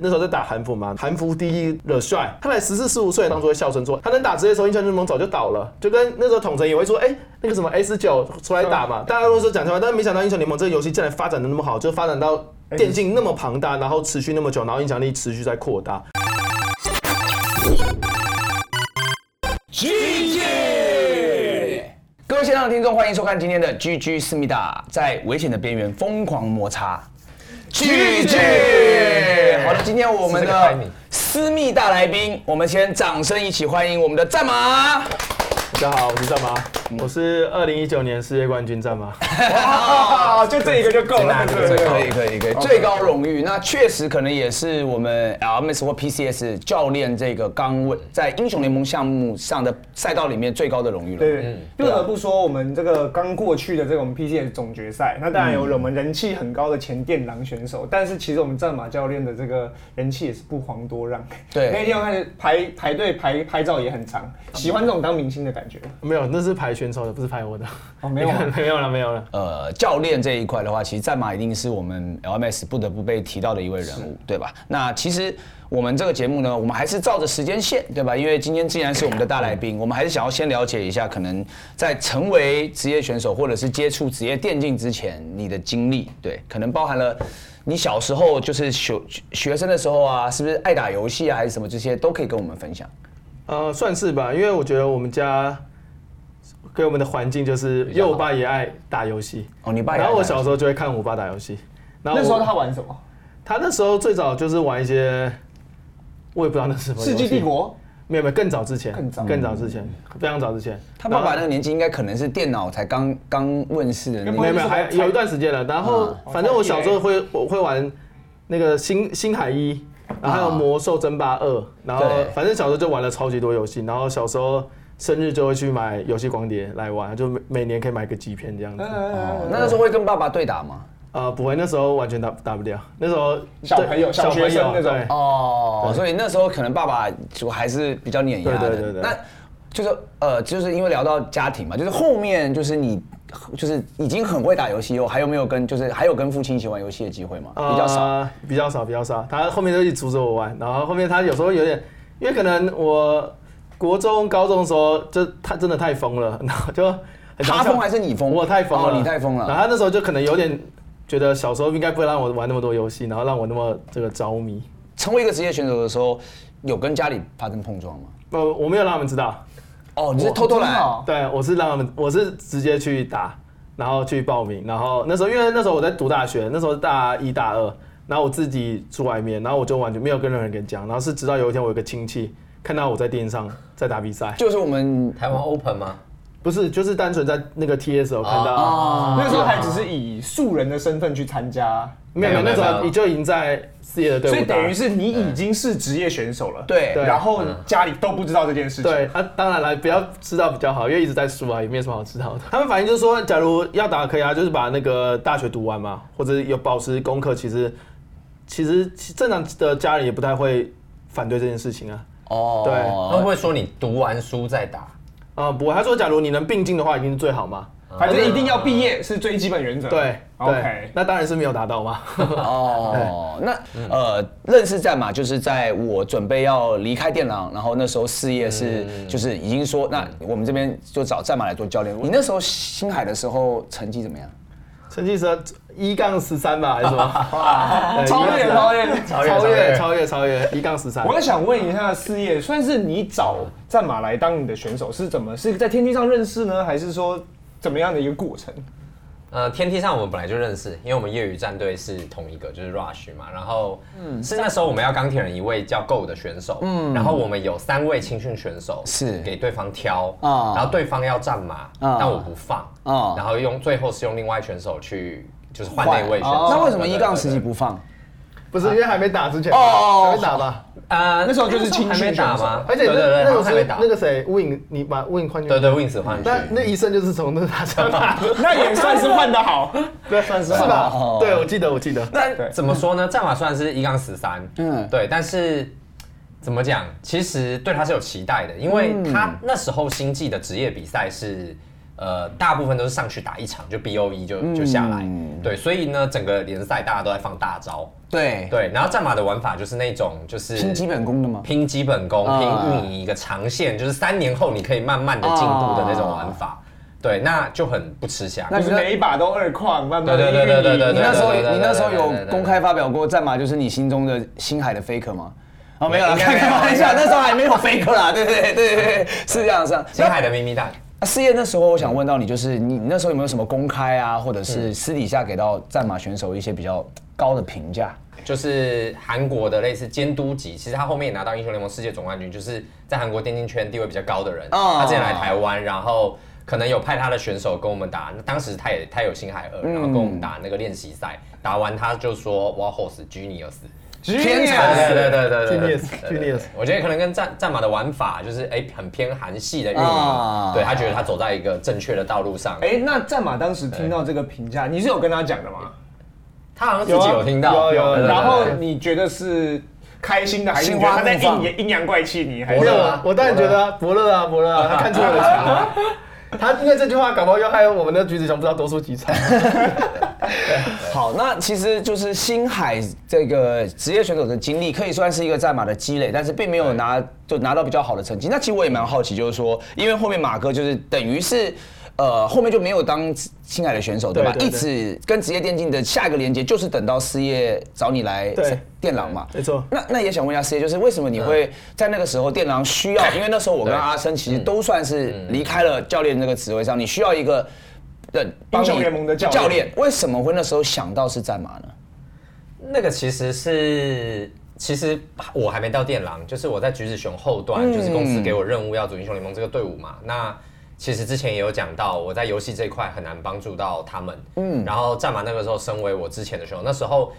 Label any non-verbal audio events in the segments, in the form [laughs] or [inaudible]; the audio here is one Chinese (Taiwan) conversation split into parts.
那時候在打韓服嘛，韓服第一惹帥，他才十四十五歲，當初的笑聲說，他能打職業時候，英雄聯盟早就倒了。就跟那時候統哲也會說，哎、欸，那個什麼 S 九出來打嘛，大家都是說講笑話，但是沒想到英雄聯盟這個遊戲竟然發展得那麼好，就發展到電競那麼龐大，然後持續那麼久，然後影響力持續在擴大。GG，各位線上的聽眾，歡迎收看今天的 GG 思密達，在危險的邊緣瘋狂摩擦。聚聚，好的，今天我們的私密大來賓，我們先掌聲一起歡迎我們的戰馬。大家好，我是戰馬，我是二零一九年世界冠軍戰馬，嗯、wow, 就這一個就夠了，個對可以可以可以，最高榮譽，那確實可能也是我們 LMS 或 PCS 教練這個崗位在英雄聯盟項目上的賽道裡面最高的榮譽了。對，對，對，不得、嗯啊、不說，我們這個剛過去的這個我們 PCS 總決賽，那當然有我們人氣很高的前電狼選手，但是其實我們戰馬教練的這個人氣也是不遑多讓。對，那天開始排排隊拍拍照也很長，喜歡這種當明星的。感覺沒有，那是排選手的，不是排我的。哦，沒有， [laughs] 沒有，沒有了，沒有了。呃，教練這一塊的話，其實戰馬一定是我們 LMS 不得不被提到的一位人物，是對吧？那其實我們這個節目呢，我們還是照着時間線，對吧？因為今天既然是我們的大來賓， [laughs] 對我們還是想要先了解一下，可能在成為職業選手或者是接觸職業電競之前，你的經歷，對，可能包含了你小時候就是學學生的時候啊，是不是愛打遊戲啊，還是什麼這些都可以跟我們分享。呃，算是吧，因為我覺得我們家給我們的環境就是，因為我爸也愛打遊戲哦，你爸也，然後然後我小時候就會看我爸打遊戲。那時候他玩什麼？他那時候最早就是玩一些，我也不知道那是什麼。《世紀帝國》沒有沒有，更早之前，更早之前，非常早之前，他爸爸那個年紀應該可能是電腦才剛剛問世的那沒有沒有，還有一段時間了。然後反正我小時候會我會玩那個《星星海一》。然後還有魔獸爭霸二，然後反正小時候就玩了超級多遊戲，然後小時候生日就會去買遊戲光碟來玩，就每每年可以買個幾片這樣子。那時候會跟爸爸對打嗎？呃，不會，那時候完全打打不掉，那時候小朋友、小學生、小朋友，那種哦，所以那時候可能爸爸就還是比較碾壓的。對對對對。那就是呃，就是因為聊到家庭嘛，就是後面就是你。就是已經很會打遊戲了，還有沒有跟就是還有跟父親一起玩遊戲的機會嗎？比較少、呃，比較少，比較少。他後面就一直阻止我玩，然後後面他有時候有點，因為可能我國中、高中的時候，就他真的太瘋了，然後就他瘋還是你瘋？我太瘋了、哦，你太瘋了。然後他那時候就可能有點覺得小時候應該不會讓我玩那麼多遊戲，然後讓我那麼這個着迷。成為一個職業選手的時候，有跟家裡發生碰撞嗎？不、呃，我沒有讓他們知道。哦，你是偷偷來？對，我是讓他們，我是直接去打，然後去報名，然後那時候因為那時候我在讀大學，那時候大一大二，然後我自己住外面，然後我就完全沒有跟任何人講，然後是直到有一天我有個親戚看到我在電視上在打比賽，就是我們台灣 Open 嗎？不是，就是單純在那個 T S O 看到，那個時候還只是以素人的身份去參加，沒有沒有，那種你就已經在事業的隊伍，對。所以等於是你已經是職業選手了，對。然後家裡都不知道這件事情，對。啊，當然了，不要知道比較好，因為一直在輸啊，也沒有什麼好知道的。他們反應就是說，假如要打可以啊，就是把那個大學讀完嘛，或者有保持功課，其實其實正常的家人也不太會反對這件事情啊。哦，對，他們不會說你讀完書再打？啊、嗯、不，他說假如你能並進的話，一定是最好嘛。反正、啊、一定要畢業是最基本原則、啊。對，OK，那當然是沒有達到嘛。 [laughs] 哦，那呃認識戰馬就是在我準備要離開電狼，然後那時候四葉是就是已經說，嗯、那我們這邊就找戰馬來做教練。嗯、你那時候星海的時候成績怎麼樣？成績是一槓十三吧，還是說，哇，對，超越，超越，超越，超越，超越，一槓十三。我還想問一下，四葉，算是你找戰馬來當你的選手，是怎麼？是在天梯上認識呢，還是說怎麼樣的一個過程？呃，天梯上我們本來就認識，因為我們業餘戰隊是同一個，就是 Rush 嘛。然後是那時候我們要鋼鐵人一位叫 Go 的選手，嗯、然後我們有三位青訓選手是給對方挑啊，哦、然後對方要戰馬，哦、但我不放啊，哦、然後用最後是用另外一選手去就是換那一位選手。壞那為什麼一槓十幾不放？不是因為還沒打之前哦，還沒打吧？啊，那時候就是清軍沒打嗎？而且那那時候還沒打，那個誰，Win，你把 Win 換進去。對對，Win 死換掉。去。那那一生就是從那他戰馬，那也算是換的好，那算是好是吧？對，我記得，我記得。那怎麼說呢？戰馬雖然是一槓十三，嗯，對，但是怎麼講？其實對他是有期待的，因為他那時候星際的職業比賽是。呃，大部分都是上去打一場就 BOE 就就下來，對，所以呢，整個聯賽大家都在放大招，對對。然後戰馬的玩法就是那種就是拼基本功的嗎？拼基本功，拼你一個長線，就是三年後你可以慢慢的進步的那種玩法，對，那就很不吃香，那你每一把都二礦，慢慢的運營。你那時候你那時候有公開發表過戰馬就是你心中的星海的 Faker 嗎？啊，沒有了，開開玩笑，那時候還沒有 Faker 啊，對對對對對，是這樣子，星海的咪咪蛋。啊，四葉那時候，我想問到你，就是你那時候有沒有什麼公開啊，或者是私底下給到戰馬選手一些比較高的評價？就是韓國的類似監督級，其實他後面也拿到英雄聯盟世界總冠軍，就是在韓國電競圈地位比較高的人。Oh. 他之前來台灣，然後可能有派他的選手跟我們打。當時他也他也有星海二，然後跟我們打那個練習賽，打完他就說，WarHorse Genius。巨烈死，對對對，我覺得可能跟戰戰馬的玩法就是，哎，很偏韓系的運營，對他覺得他走在一個正確的道路上。哎，那戰馬當時聽到這個評價，你是有跟他講的嗎？他好像自己有聽到。有有。然後你覺得是開心的還是？他在陰陰陽怪氣，你還是？伯樂啊，我當然覺得伯樂啊，伯樂，啊他看出我的強了。他因為這句話感冒，又害我們的橘子熊不知道多輸幾場。好，那其實就是星海這個職業選手的經歷，可以算是一個戰馬的積累，但是並沒有拿對就拿到比較好的成績。那其實我也蠻好奇，就是說，因為後面馬哥就是等於是。呃，後面就沒有當親愛的選手，對，對，對，對吧？一直跟職業電競的下一個連接就是等到四葉找你來電狼嘛。沒錯。那那也想問一下四葉，就是為什麼你會在那個時候電狼需要？嗯、因為那時候我跟阿生其實都算是離開了教練那個職位，位上，你需要一個英雄聯盟的教練，教練為什麼會那時候想到是戰馬呢？那個其實是，其實我還沒到電狼，就是我在橘子熊後段，嗯、就是公司給我任務要組英雄聯盟這個隊伍嘛，那。其實之前也有講到，我在遊戲這一塊很難幫助到他們。嗯，然後戰馬那個時候身為我之前的時候，那時候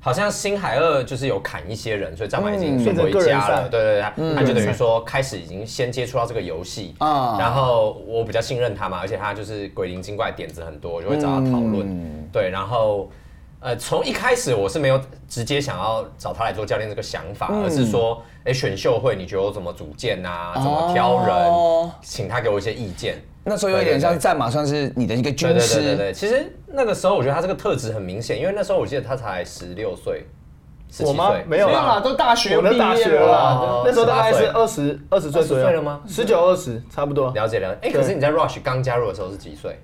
好像星海二就是有砍一些人，所以戰馬已經送回家了。嗯、個個，對對對，嗯、他就等於說開始已經先接觸到這個遊戲啊。嗯、然後我比較信任他嘛，而且他就是鬼靈精怪，點子很多，就會找他討論。嗯、對，然後呃，從一開始我是沒有直接想要找他來做教練這個想法，嗯、而是說。哎，欸、選秀會，你覺得我怎麼組建吶、啊？哦、怎麼挑人？請他給我一些意見。那時候有點像戰馬，算是你的一個角色。對對對，對，對，對，對，其實那個時候我覺得他這個特質很明顯，因為那時候我記得他才十六歲，十七歲沒有啦誰，都大學畢業了。那時候大概是二十二十歲左右歲了嗎？十九二十，19, 20, 差不多。了解了解。哎、欸，可是你在 Rush 剛加入的時候是幾歲？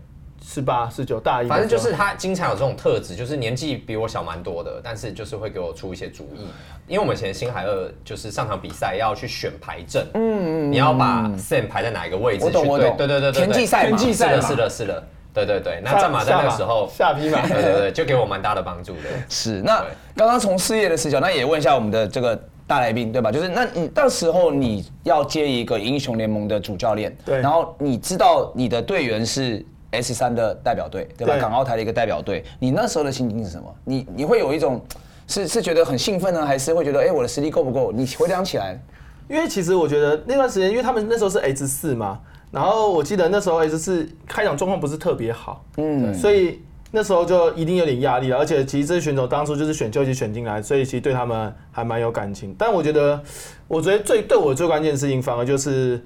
十八、十九，大一，反正就是他經常有這種特質，就是年紀比我小蠻多的，但是就是會給我出一些主意。因為我們以前星海二就是上場比賽要去選牌陣，嗯，你要把誰排在哪一個位置？我懂，我懂，對對對對，田忌賽馬，是的是的是的。對對對。那戰馬在那個的時候，下匹馬，對對對，就給我蠻大的幫助的。是，那剛剛從事業的視角，那也問一下我們的這個大來賓對吧？就是那你到時候你要接一個英雄聯盟的主教練，對，然後你知道你的隊員是。S 三的代表隊，對吧？港澳台的一個代表隊，你那時候的心情是什麼？你你會有一種是是覺得很興奮呢，還是會覺得哎、欸，我的實力夠不夠？你回想起來，因為其實我覺得那段時間，因為他們那時候是 S 四嘛，然後我記得那時候 S 四開場狀況不是特別好，嗯，所以那時候就一定有點壓力了。而且其實這些選手當初就是選秀已經選進來，所以其實對他們還蠻有感情。但我覺得，我覺得最對我最關鍵的事情，反而就是。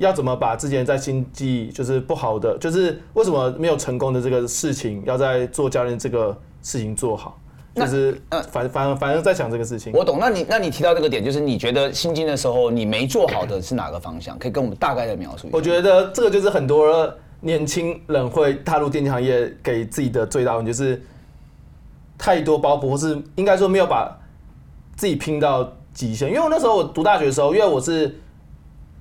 要怎麼把之前在心機就是不好的，就是為什麼沒有成功的這個事情，要在做教練這個事情做好，就是嗯，反反反正在想這個事情。我懂，那你那你提到這個點，就是你覺得心機的時候，你沒做好的是哪個方向？可以跟我們大概的描述一下。我覺得這個就是很多年輕人會踏入電競行業給自己的最大問題，就是太多包袱，或是應該說沒有把自己拼到極限。因為我那時候我讀大學的時候，因為我是。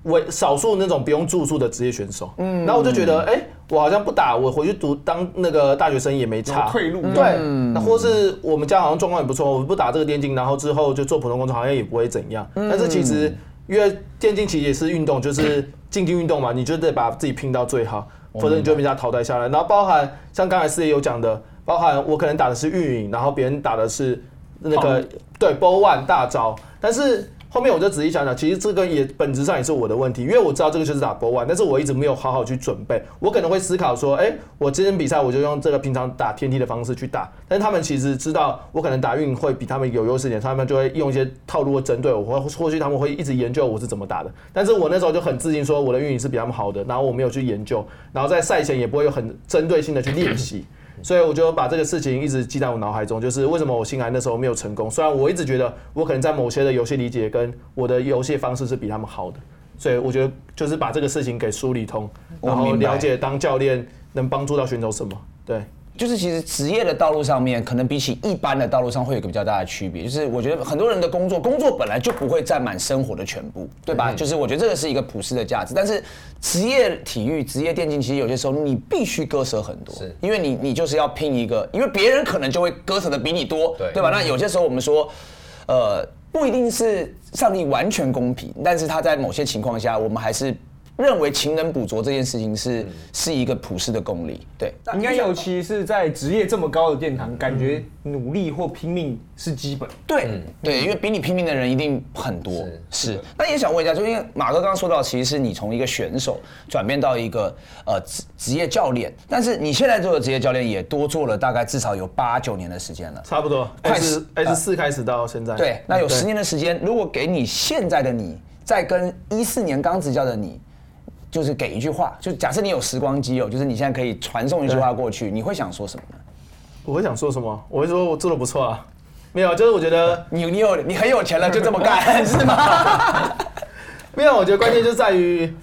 為少數那種不用住宿的職業選手，嗯，然後我就覺得，哎，我好像不打，我回去讀當那個大學生也沒差，退路，對，那或者是我們家好像狀況也不錯，我不打這個電競，然後之後就做普通工作，好像也不會怎樣。但是其實，因為電競其實也是運動，就是競技運動嘛，你就得把自己拼到最好，否則你就被他淘汰下來。然後包含像剛才四爺有講的，包含我可能打的是運營，然後別人打的是那個對波 o 大招，但是。後面我就仔細想想，其實這個也本質上也是我的問題，因為我知道這個就是打 BO1，但是我一直沒有好好去準備。我可能會思考說，誒、欸，我今天比賽我就用這個平常打天梯的方式去打。但是他們其實知道我可能打運會比他們有優勢點，他們就會用一些套路的針對我，或或許他們會一直研究我是怎麼打的。但是我那時候就很自信說我的運營是比他們好的，然後我沒有去研究，然後在賽前也不會有很針對性的去練習。 [coughs] 所以我就把這個事情一直記在我腦海中，就是為什麼我新來那時候沒有成功。雖然我一直覺得我可能在某些的遊戲理解跟我的遊戲方式是比他們好的，所以我覺得就是把這個事情給梳理通，然後了解當教練能幫助到選手什麼，對。就是其實職業的道路上面，可能比起一般的道路上，會有一個比較大的區別。就是我覺得很多人的工作，工作本來就不會佔滿生活的全部，對吧？嗯、就是我覺得這個是一個普世的價值。但是職業體育、職業電競，其實有些時候你必須割捨很多，是因為你你就是要拼一個，因為別人可能就會割捨的比你多，對，對吧？那有些時候我們說，呃，不一定是上帝完全公平，但是他在某些情況下，我們還是。認為勤能補拙這件事情是是一個普世的公理。對，應該尤其是在職業這麼高的殿堂，感覺努力或拼命是基本，對對，因為比你拼命的人一定很多，是。那也想問一下，就因為馬哥剛剛說到，其實是你從一個選手轉變到一個呃職職業教練，但是你現在做的職業教練也多做了大概至少有八九年的時間了，差不多，開始，S4 開始到現在，對，那有十年的時間，如果給你現在的你，再跟一四年剛執教的你。就是給一句話，就假設你有時光機哦，就是你現在可以傳送一句話過去，對你會想說什麼呢？我會想說什麼？我會說我做的不錯啊。沒有，就是我覺得你你有你很有錢了，就這麼幹 [laughs] 是嗎？ [laughs] 沒有，我覺得關鍵就在於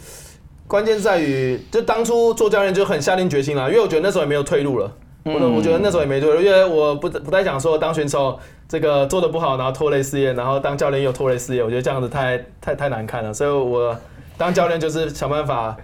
關鍵在於，就當初做教練就很下定決心了，因為我覺得那時候也沒有退路了。嗯。我覺得那時候也沒退路，因為我不不太想說當選手這個做的不好，然後拖累事業，然後當教練又拖累事業，我覺得這樣子太太太難看了，所以我。當教練就是想辦法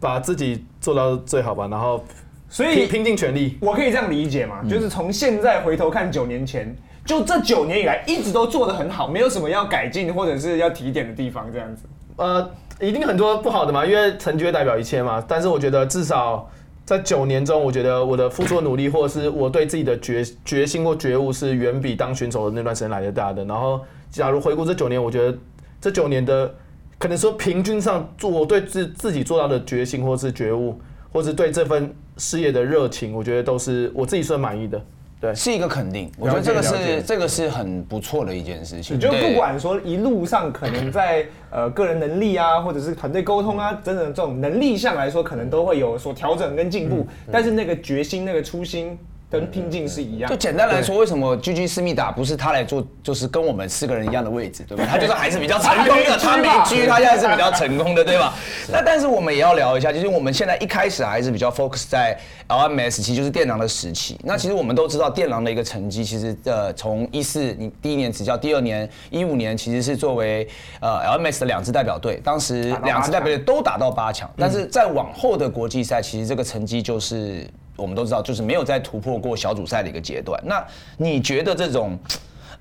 把自己做到最好吧，然後所以拼盡全力，我可以這樣理解嘛？嗯、就是從現在回頭看九年前，就這九年以來一直都做得很好，沒有什麼要改進或者是要提點的地方，這樣子。呃，一定很多不好的嘛，因為成績會代表一切嘛。但是我覺得至少在九年中，我覺得我的付出的努力或者是我對自己的決決心或覺悟是遠比當選手的那段時間來得大的。然後，假如回顧這九年，我覺得這九年的。可能說平均上，做，我對自自己做到的決心，或是覺悟，或是對這份事業的熱情，我覺得都是我自己算滿意的。對，是一個肯定。我覺得這個是這個是很不錯的一件事情。我覺得不管說一路上可能在呃個人能力啊，或者是團隊溝通啊，等等 Okay. 這種能力上來說，可能都會有所調整跟進步。嗯嗯、但是那個決心，那個初心。跟拼勁是一樣。就簡單來說，為什麼 GG 私密答不是他來做，就是跟我們四個人一樣的位置，對吧？他就是還是比較成功的，他沒狙，他現在是比較成功的，對吧？那但是我們也要聊一下，就是我們現在一開始還是比較 focus 在 LMS 期，就是電狼的時期。那其實我們都知道，電狼的一個成績，其實呃，從一四年第一年執教，第二年一五年其實是作為呃 LMS 的兩支代表隊，當時兩支代表隊都打到八強，但是在往後的國際賽，其實這個成績就是。我們都知道，就是沒有再突破過小組賽的一個階段。那你覺得這種，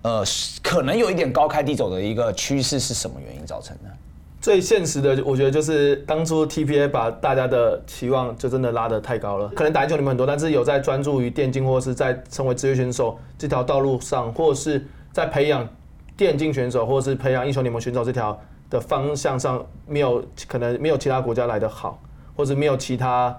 呃，可能有一點高開低走的一個趨勢是什麼原因造成的？最現實的，我覺得就是當初 TPA 把大家的期望就真的拉得太高了。可能打英雄聯盟很多，但是有在專注於電競，或者是在成為職業選手這條道路上，或是在培養電競選手，或是培養英雄聯盟選手這條的方向上，沒有可能沒有其他國家來得好，或者沒有其他。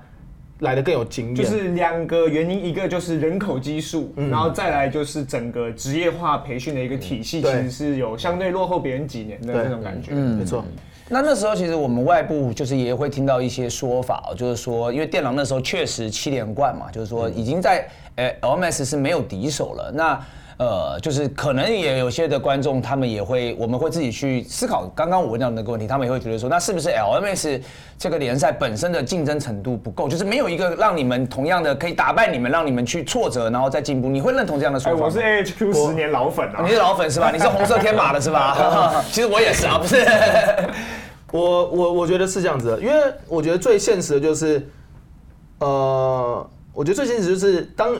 來的更有經驗，就是兩個原因，一個就是人口基數，嗯、然後再來就是整個職業化培訓的一個體系，其實是有相對落後別人幾年的那種感覺。嗯、沒錯。那那時候其實我們外部就是也會聽到一些說法，就是說因為電狼那時候確實七連冠嘛，就是說已經在誒 LMS 是沒有敵手了。那呃，就是可能也有些的觀眾，他們也會，我們會自己去思考剛剛我問到那個問題，他們也會覺得說，那是不是 LMS 這個聯賽本身的競爭程度不夠，就是沒有一個讓你們同樣的可以打敗你們，讓你們去挫折，然後再進步？你會認同這樣的說法嗎？欸、我是 AHQ 十年老粉、啊，我 啊、你是老粉是吧？你是紅色天馬的是吧？ [laughs] [laughs] 其實我也是啊，不是。我我我覺得是這樣子，因為我覺得最現實的就是，呃，我覺得最現實就是當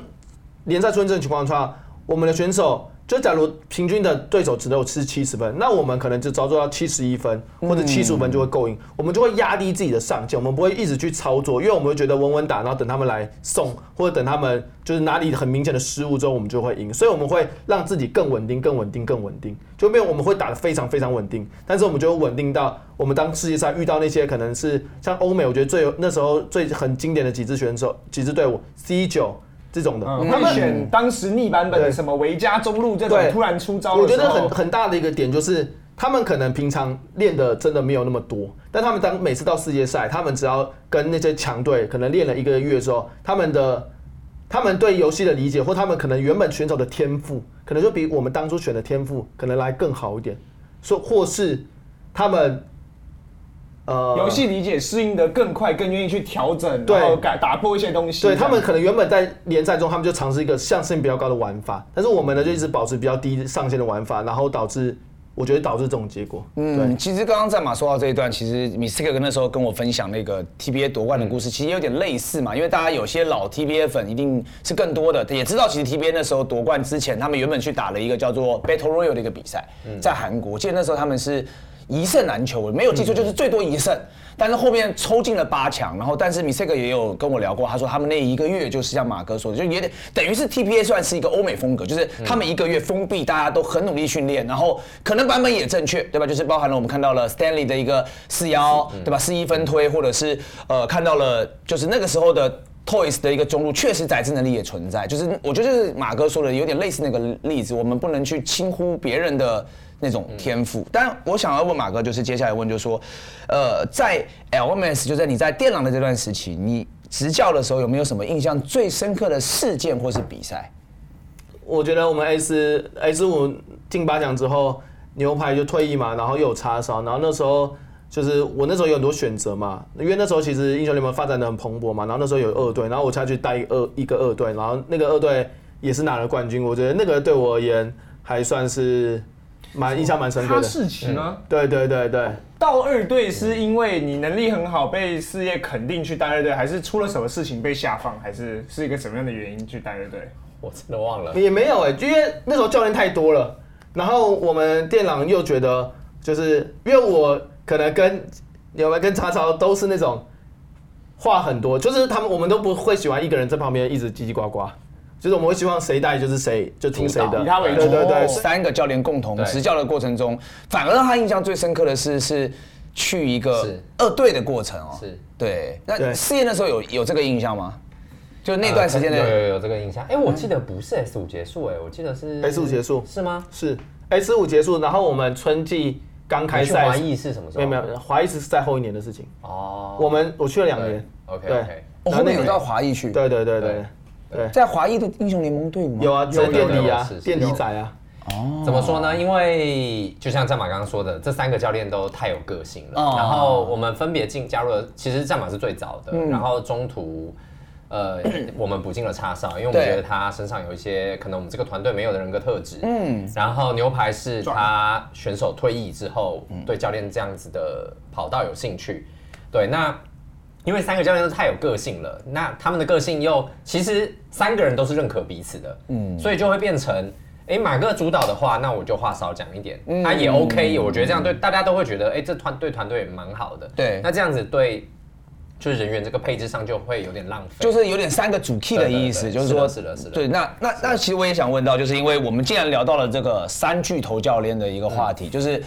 聯賽出現這種情況的話。我們的選手，就假如平均的對手只能有七七十分，那我們可能就操作到七十一分或者七十五分就會夠贏，我們就會壓低自己的上限，我們不會一直去操作，因為我們會覺得穩穩打，然後等他們來送，或者等他們就是哪裡很明顯的失誤之後，我們就會贏，所以我們會讓自己更穩定、更穩定、更穩定，就沒有我們會打得非常非常穩定，但是我們就會穩定到我們當世界賽遇到那些可能是像歐美，我覺得最那時候最很經典的幾支選手幾支隊伍 C9。這種的，嗯、他們選當時逆版本的什麼維迦對中路這種對突然出招，我覺得很很大的一個點就是，他們可能平常練的真的沒有那麼多，但他們當每次到世界賽，他們只要跟那些強隊可能練了一個月之後，他們的他們對遊戲的理解，或他們可能原本選手的天賦，可能就比我們當初選的天賦可能來更好一點，說或是他們。呃，遊戲、嗯、理解適應的更快，更願意去調整，然後改打破一些東西。對，這樣 對他們可能原本在聯賽中，他們就嘗試一個上限比較高的玩法，但是我們呢就一直保持比較低上限的玩法，然後導致我覺得導致這種結果。對嗯，其實剛剛戰馬說到這一段，其實米斯克那時候跟我分享那個 TBA 奪冠的故事，嗯、其實有點類似嘛，因為大家有些老 TBA 粉一定是更多的，也知道其實 TBA 那時候奪冠之前，他們原本去打了一個叫做 Battle Royal 的一個比賽，嗯、在韓國，我記得那時候他們是。一勝難求，我沒有記錯，就是最多一勝。嗯、但是後面抽進了八強，然後但是 Mistake 也有跟我聊過，他說他們那一個月就是像馬哥說的，就也得等於是 T P A 算是一個歐美風格，就是他們一個月封閉，大家都很努力訓練，然後可能版本也正確，對吧？就是包含了我們看到了 Stanley 的一個四幺、嗯，對吧？四一分推，或者是呃看到了就是那個時候的 Toys 的一個中路，確實宰制能力也存在。就是我覺得就是馬哥說的，有點類似那個例子，我們不能去輕忽別人的。那種天賦，但我想要問馬哥，就是接下來問，就是說，呃，在 LMS，就在你在電狼的這段時期，你執教的時候有沒有什麼印象最深刻的事件或是比賽？嗯、我覺得我們 S、S5 進八強之後，牛排就退役嘛，然後又有叉燒，然後那時候就是我那時候有很多選擇嘛，因為那時候其實英雄聯盟發展的很蓬勃嘛，然後那時候有二隊，然後我下去帶二一個二隊，然後那個二隊也是拿了冠軍，我覺得那個對我而言還算是。蠻印象蠻深的，哦，他事情呢？對對對對。到二隊是因為你能力很好，被事業肯定去帶二隊，還是出了什麼事情被下放，還是是一個什麼樣的原因去帶二隊？我真的忘了，也沒有哎，欸，因為那時候教練太多了，然後我們電狼又覺得，就是因為我可能跟有沒有跟叉超都是那種話很多，就是他們我們都不會喜歡一個人在旁邊一直嘰嘰呱呱。就是我們會希望誰帶就是誰，就聽誰的。以他為主。對對對，三個教練共同執教的過程中，反而讓他印象最深刻的是是去一個二隊的過程哦。是對。那四葉那時候有有這個印象嗎？就那段時間內有有有這個印象。哎，我記得不是 S 五結束哎，我記得是 S 五結束是嗎？是 S 五結束，然後我們春季剛開賽。華裔是什麼時候？沒有沒有，華裔是在後一年的事情哦。我們我去了兩年。OK。對。我們有到華裔去？對對對對。在華裔的英雄聯盟隊有啊，有電驢啊，電驢仔啊。哦，怎麼說呢？因為就像戰馬剛剛說的，這三個教練都太有個性了。然後我們分別進加入了，其實戰馬是最早的。然後中途，呃，我們補進了叉燒，因為我覺得他身上有一些可能我們這個團隊沒有的人格特質。嗯。然後牛排是他選手退役之後對教練這樣子的跑道有興趣。對，那。因為三個教練都太有個性了，那他們的個性又其實三個人都是認可彼此的，嗯，所以就會變成，哎、欸，馬哥主導的話，那我就話少講一點，嗯、他也 OK、嗯、我覺得這樣對、嗯、大家都會覺得，哎、欸，這團對團隊也蠻好的，對，那這樣子對，就是人員這個配置上就會有點浪費，就是有點三個主 key 的意思，就是說，是的是的，是的對，那那那其實我也想問到，就是因為我們既然聊到了這個三巨頭教練的一個話題，嗯、就是。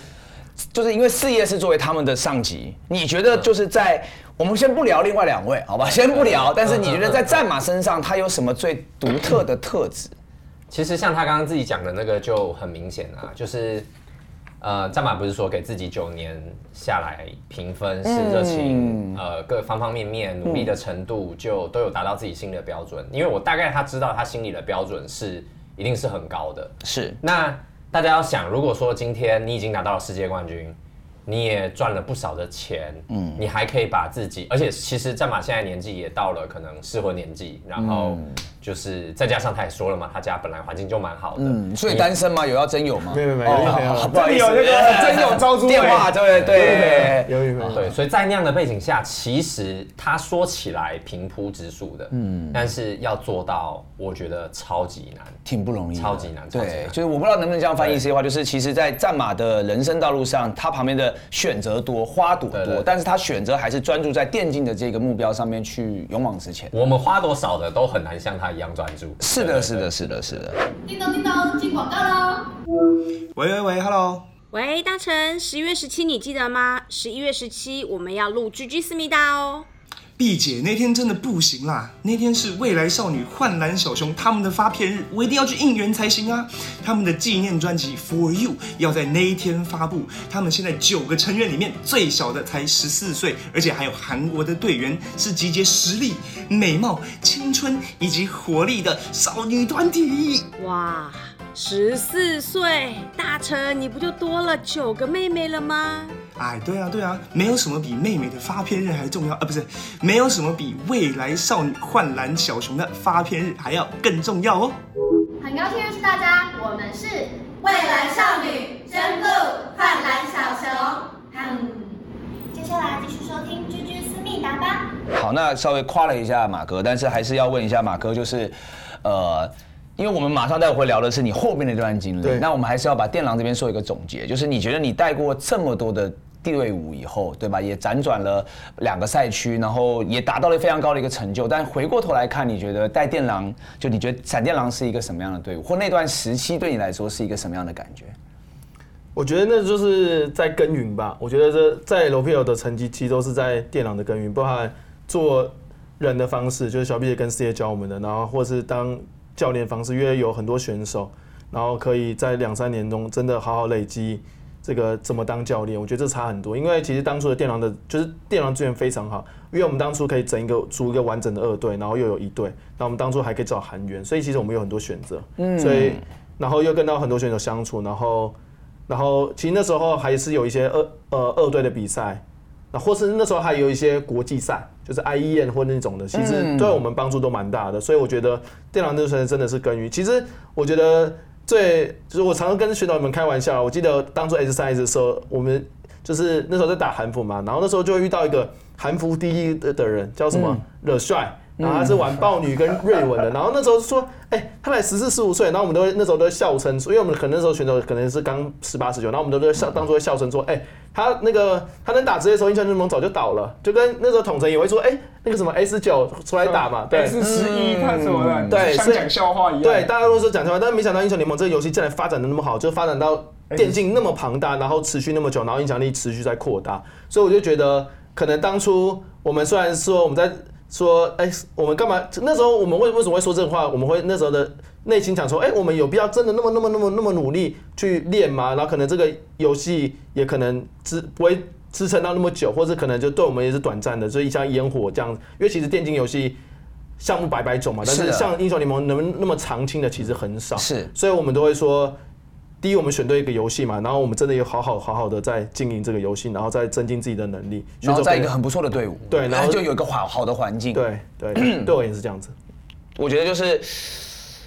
就是因為四葉是作為他們的上級，你覺得就是在我們先不聊另外兩位，好吧，先不聊。但是你覺得在戰馬身上，他有什麼最獨特的特質？其實像他剛剛自己講的那個就很明顯啊，就是呃，戰馬不是說給自己九年下來評分是熱情，嗯、呃，各方方面面努力的程度就都有達到自己心裡的標準。因為我大概他知道他心裡的標準是一定是很高的。是那。大家要想，如果說今天你已經拿到了世界冠軍，你也賺了不少的錢，嗯，你還可以把自己，而且其實戰馬現在年紀也到了可能適婚年紀，然後。嗯就是再加上他也說了嘛，他家本來環境就蠻好的，所以單身嘛，有要徵友嗎？沒有沒有，有有，這有那個徵友招租電話，對對對，對。所以在那樣的背景下，其實他說起來平鋪直述的，嗯，但是要做到，我覺得超級難，挺不容易，超級難，對。就是我不知道能不能這樣翻譯一些話，就是其實，在戰馬的人生道路上，他旁邊的選擇多，花朵多，但是他選擇還是專注在電競的這個目標上面去勇往直前。我們花朵少的都很難像他。一樣專注，是的，對對是的，對是的，對是的。叮咚叮咚，進廣告嘍。喂喂喂，Hello。喂，喂大成，十一月十七你記得嗎？十一月十七我們要錄 GG 私密答哦。畢姐，那天真的不行啦！那天是未來少女、幻藍小熊他們的發片日，我一定要去應援才行啊！他們的紀念專輯《For You》要在那一天發布。他們現在九個成員裡面最小的才十四歲，而且還有韓國的隊員，是集結實力、美貌、青春以及活力的少女團體。哇，十四歲大成，你不就多了九個妹妹了嗎？哎，對啊，對啊，沒有什麼比妹妹的發片日還重要啊，呃，不是，沒有什麼比未來少女幻藍小熊的發片日還要更重要哦。很高興認識大家，我們是未來少女幻藍小熊。嗯，接下來繼續收聽 GG 私密答吧。好，那稍微誇了一下馬哥，但是還是要問一下馬哥，就是，呃，因為我們馬上待會會聊的是你後面那段經歷，對那我們還是要把電狼這邊做一個總結，就是你覺得你帶過這麼多的。隊伍以後，對吧？也輾轉了兩個賽區，然後也達到了非常高的一個成就。但回過頭來看，你覺得帶電狼，就你覺得閃電狼是一個什麼樣的隊伍？或那段時期對你來說是一個什麼樣的感覺？我覺得那就是在耕耘吧。我覺得這在 LPL 的成績，其實都是在電狼的耕耘，包含做人的方式，就是小畢爺跟四爺教我們的，然後或是當教練方式，因為有很多選手，然後可以在兩三年中真的好好累積。這個怎麼當教練？我覺得這差很多，因為其實當初的電狼的，就是電狼資源非常好，因為我們當初可以整一個組一個完整的二隊，然後又有一隊，那我們當初還可以找韓援，所以其實我們有很多選擇，嗯，所以然後又跟到很多選手相處，然後然後其實那時候還是有一些二、呃、二隊的比賽，那或是那時候還有一些國際賽，就是 I E N 或那種的，其實對我們幫助都蠻大的，所以我覺得電狼資源真的是根於，其實我覺得。最就是我常常跟學長們開玩笑，我記得當初 S 三 S 的時候，我們就是那時候在打韓服嘛，然後那時候就會遇到一個韓服第一的人，叫什麼、嗯、惹帥。然後他是玩豹女跟瑞文的，嗯、然後那時候說，哎、欸，他才十四十五歲，然後我們都會那時候都會笑稱，因為我們可能那時候選手可能是剛十八十九，19, 然後我們都在笑，當初會笑稱說，哎、欸，他那個他能打職業的時候，英雄聯盟早就倒了，就跟那時候統神也會說，哎、欸，那個什麼 S 九出來打嘛，S 十一他什麼的，對，像講笑話一樣，對，大家都說講笑話，但是沒想到英雄聯盟這個遊戲竟然發展的那麼好，就發展到電競那麼龐大，然後持續那麼久，然後影響力持續在擴大，所以我就覺得，可能當初我們雖然說我們在。說，哎、欸，我們幹嘛？那時候我們為什為什麼會說這個話？我們會那時候的內心想說，哎、欸，我們有必要真的那麼那麼那麼那麼努力去練嗎？然後可能這個遊戲也可能支不會支撐到那麼久，或者可能就對我們也是短暫的，所以像煙火這樣，因為其實電競遊戲項目百百種嘛，是的，但是像英雄聯盟能那麼長青的其實很少，是，所以我們都會說。第一，我們選對一個遊戲嘛，然後我們真的有好好好好的在經營這個遊戲，然後再增進自己的能力，然後在一個很不錯的隊伍，對，然後就有一個好好的環境，對對，對,對, [coughs] 對我也是這樣子。我覺得就是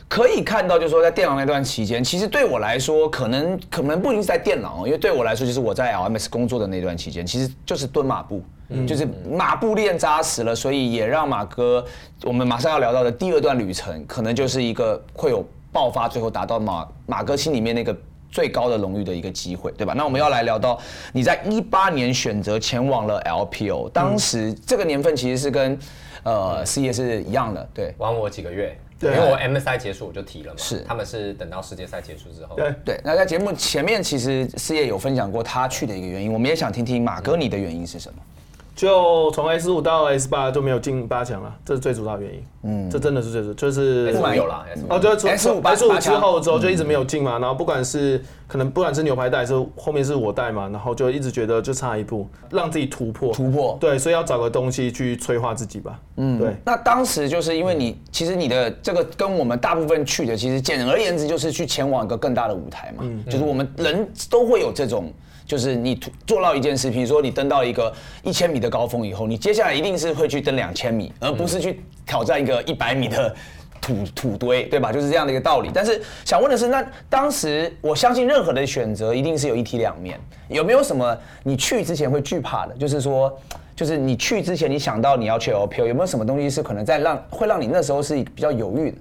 可以看到，就是說在電腦那段期間，其實對我來說可，可能可能不一定是在電腦，因為對我來說，就是我在 LMS 工作的那段期間，其實就是蹲馬步，就是馬步練扎實了，所以也讓馬哥，我們馬上要聊到的第二段旅程，可能就是一個會有。爆發最後達到馬馬哥心裡面那個最高的榮譽的一個機會，對吧？那我們要來聊到你在一八年選擇前往了 LPL、嗯、當時這個年份其實是跟，呃，四葉、嗯、是一樣的，對，晚我幾個月，對，因為我 MSI 結束我就提了嘛，是，他們是等到世界賽結束之後，對對。那在節目前面，其實四葉有分享過他去的一個原因，我們也想聽聽馬哥你的原因是什麼？嗯就從 S 五到 S 八就沒有進八強了，這是最主要的原因。嗯，這真的是最主，就是蠻有啦。哦，就是從 S 五、oh, S 5之後之後就一直沒有進嘛，嗯、然後不管是可能不管是牛排帶還是後面是我帶嘛，然後就一直覺得就差一步，讓自己突破突破。對，所以要找個東西去催化自己吧。嗯，對。那當時就是因為你其實你的這個跟我們大部分去的，其實簡而言之就是去前往一個更大的舞台嘛。嗯，就是我們人都會有這種，就是你做到一件事，比如說你登到一個一千米的。高峰以後，你接下來一定是會去登兩千米，而不是去挑戰一個一百米的土土堆，對吧？就是這樣的一個道理。但是想問的是，那當時我相信任何的選擇一定是有一體兩面，有沒有什麼你去之前會懼怕的？就是說，就是你去之前你想到你要去 LPL，有沒有什麼東西是可能在讓會讓你那時候是比較猶豫的？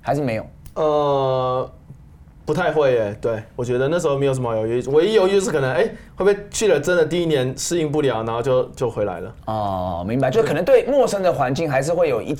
還是沒有？呃。不太會耶，對，我覺得那時候沒有什麼猶豫，唯一猶豫就是可能哎、欸，會不會去了真的第一年適應不了，然後就就回來了。哦，明白，就可能對陌生的環境還是會有一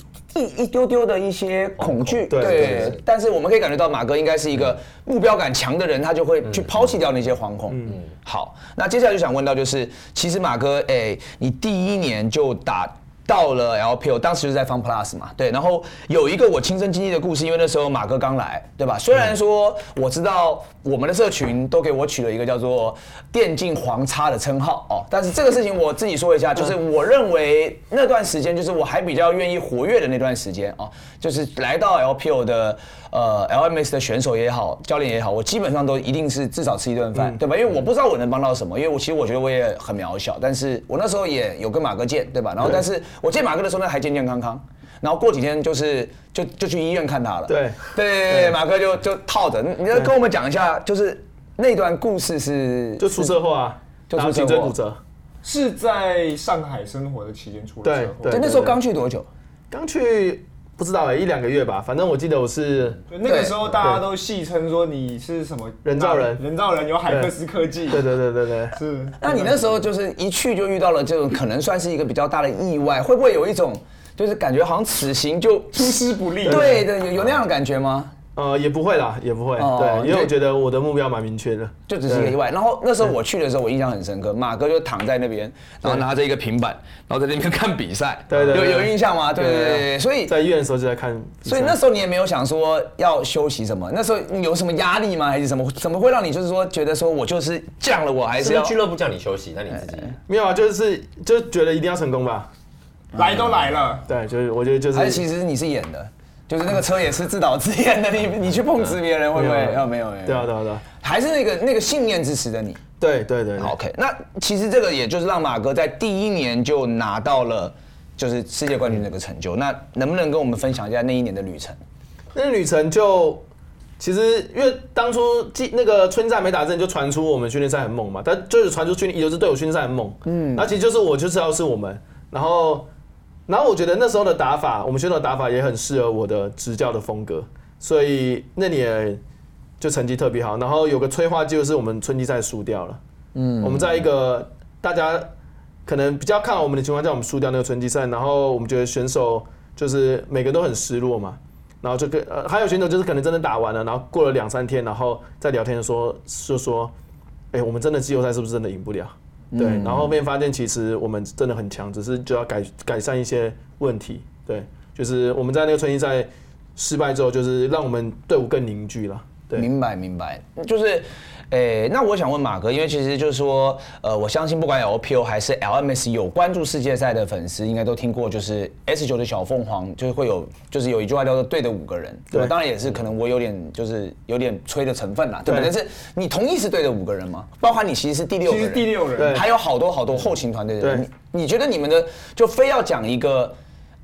一丟丟的一些恐懼。對，對對對對，但是我們可以感覺到馬哥應該是一個目標感強的人，他就會去拋棄掉那些惶恐。嗯，嗯，好，那接下來就想問到就是，其實馬哥哎、欸，你第一年就打。到了 LPL，當時就是在 Fun Plus 嘛，對，然後有一個我親身經歷的故事，因為那時候馬哥剛來，對吧？雖然說我知道我們的社群都給我取了一個叫做電“電競黃叉”的稱號哦，但是這個事情我自己說一下，就是我認為那段時間就是我還比較願意活躍的那段時間啊、哦，就是來到 LPL 的。呃，LMS 的選手也好，教練也好，我基本上都一定是至少吃一頓飯對吧？因為我不知道我能幫到什麼，因為我其實我覺得我也很渺小。但是我那時候也有跟馬哥見，對吧？然後，但是我見馬哥的時候呢，還健健康康。然後過幾天就是就就去醫院看他了。對對，馬哥就就套着，你要跟我們講一下，就是那段故事是就出車禍啊，就頸椎骨折，是在上海生活的期間出的車禍。對，那時候剛去多久？剛去。不知道哎、欸，一兩個月吧，反正我記得我是對對那個時候，大家都戲稱說你是什麼人造人，人造人有海克斯科技，對對對對對，是。對對對，那你那時候就是一去就遇到了這種可能算是一個比較大的意外，會不會有一種就是感覺好像此行就出師不利？對，對對，對有有那樣的感覺嗎？呃，也不會啦，也不會。對，因為我覺得我的目標蠻明確的。就只是一個意外。然後那時候我去的時候，我印象很深刻，馬哥就躺在那邊，然後拿着一個平板，然後在那邊看比賽。對對。有有印象嗎？對對對。所以。在醫院的時候就在看。所以那時候你也沒有想說要休息什麼？那時候你有什麼壓力嗎？還是什麼？怎麼會讓你就是說覺得說我就是降了，我還是要俱樂部叫你休息？那你自己沒有啊？就是就覺得一定要成功吧。來都來了。對，就是我覺得就是。哎，其實你是演的。就是那個車也是自導自演的，你你去碰瓷別人會不會？沒有，沒有哎。啊、對啊，對啊，對啊。啊、還是那個那個信念支持著你。對對對、對。OK，那其實這個也就是讓馬哥在第一年就拿到了就是世界冠軍這個成就。那能不能跟我們分享一下那一年的旅程？嗯、那個旅程就其實因為當初進那個村戰沒打正，就傳出我們訓練賽很猛嘛。但就是傳出去，也就是隊友訓練賽很猛。嗯。那其實就是我就知道是我們，然後。然後我覺得那時候的打法，我們選手的打法也很適合我的執教的風格，所以那年就成績特別好。然後有個催化劑，就是我們春季賽輸掉了，嗯，我們在一個大家可能比較看好我們的情況下，我們輸掉那個春季賽。然後我們覺得選手就是每個都很失落嘛，然後就跟呃，還有選手就是可能真的打完了，然後過了兩三天，然後在聊天的時候說就說，哎，我們真的季後賽是不是真的贏不了？對，然後後面發現其實我們真的很強，只是就要改改善一些問題。對，就是我們在那個春季賽失敗之後，就是讓我們隊伍更凝聚了。對，明白，明白，就是。哎、欸，那我想問馬哥，因為其實就是說，呃，我相信不管 LPL 還是 LMS 有關注世界賽的粉絲，應該都聽過，就是 S 九的小鳳凰，就是會有，就是有一句話叫做“對的五個人”，對吧？對當然也是可能我有點就是有點吹的成分啦，對，對，不對，但是你同意是對的五個人嗎？包括你其實是第六個人，其實第六人，對還有好多好多後勤團隊的人，你對你覺得你們的就非要講一個，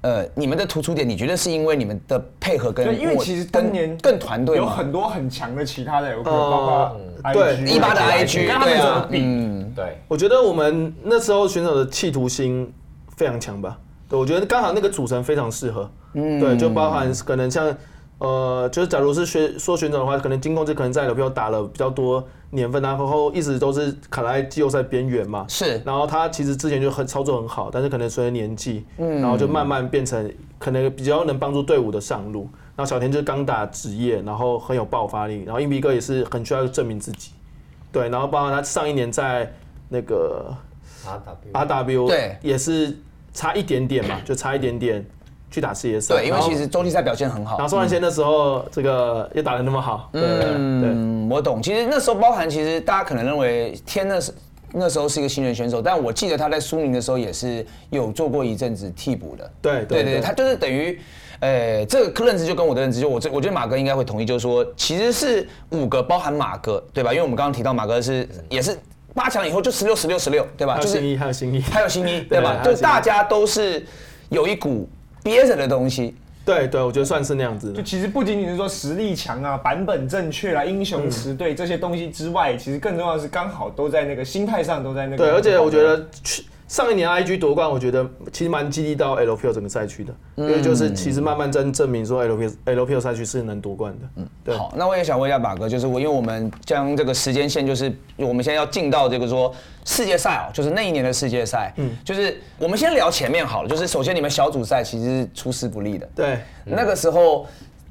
呃，你們的突出點，你覺得是因為你們的配合跟，因為其實年跟更團隊有很多很強的其他的有可能，包括。對一八的 IG 對啊，嗯，對，我覺得我們那時候選手的企圖心非常強吧，對我覺得剛好那個組成非常適合，嗯，對，就包含可能像呃，就是假如是選說選手的話，可能金攻就可能在，比如打了比較多年份啊，然後一直都是卡在季後賽邊緣嘛，是，然後他其實之前就很操作很好，但是可能隨着年紀，嗯，然後就慢慢變成可能比較能幫助隊伍的上路。然後小天就是剛打職業，然後很有爆發力。然後硬幣哥也是很需要證明自己，對。然後包括他上一年在那個 RW，RW R w 對，也是差一點點嘛，就差一點點去打世界賽。對，因為其實中期賽表現很好。然後送完錢的時候，這個也打的那麼好。對，我懂。其實那時候包含，其實大家可能認為天那是那時候是一個新人選手，但我記得他在蘇寧的時候也是有做過一陣子替補的。對對對，對，他就是等於，哎、欸，這個認知就跟我的認知就，就我這我覺得馬哥應該會同意，就是說，其實是五個，包含馬哥，對吧？因為我們剛剛提到馬哥是也是八強以後就十六、十六、十六，對吧？還有心意，就是，還有心意，還有心意，心意對，對吧？就大家都是有一股憋着的東西，對對，我覺得算是那樣子。就其實不僅僅是說實力強啊、版本正確啊、英雄池對這些東西之外，嗯、其實更重要的是剛好都在那個心態上都在那，個那個，個。對，而且我覺得去。上一年 IG 奪冠，我覺得其實蠻激勵到 LPL 整個賽區的，因為就是其實慢慢證證明說 LPL LPL 賽區是能奪冠的。嗯，對。好，那我也想問一下馬哥，就是我因為我們將這個時間線，就是我們現在要進到這個說世界賽哦，就是那一年的世界賽。嗯，就是我們先聊前面好了，就是首先你們小組賽其實是出師不利的，對，那個時候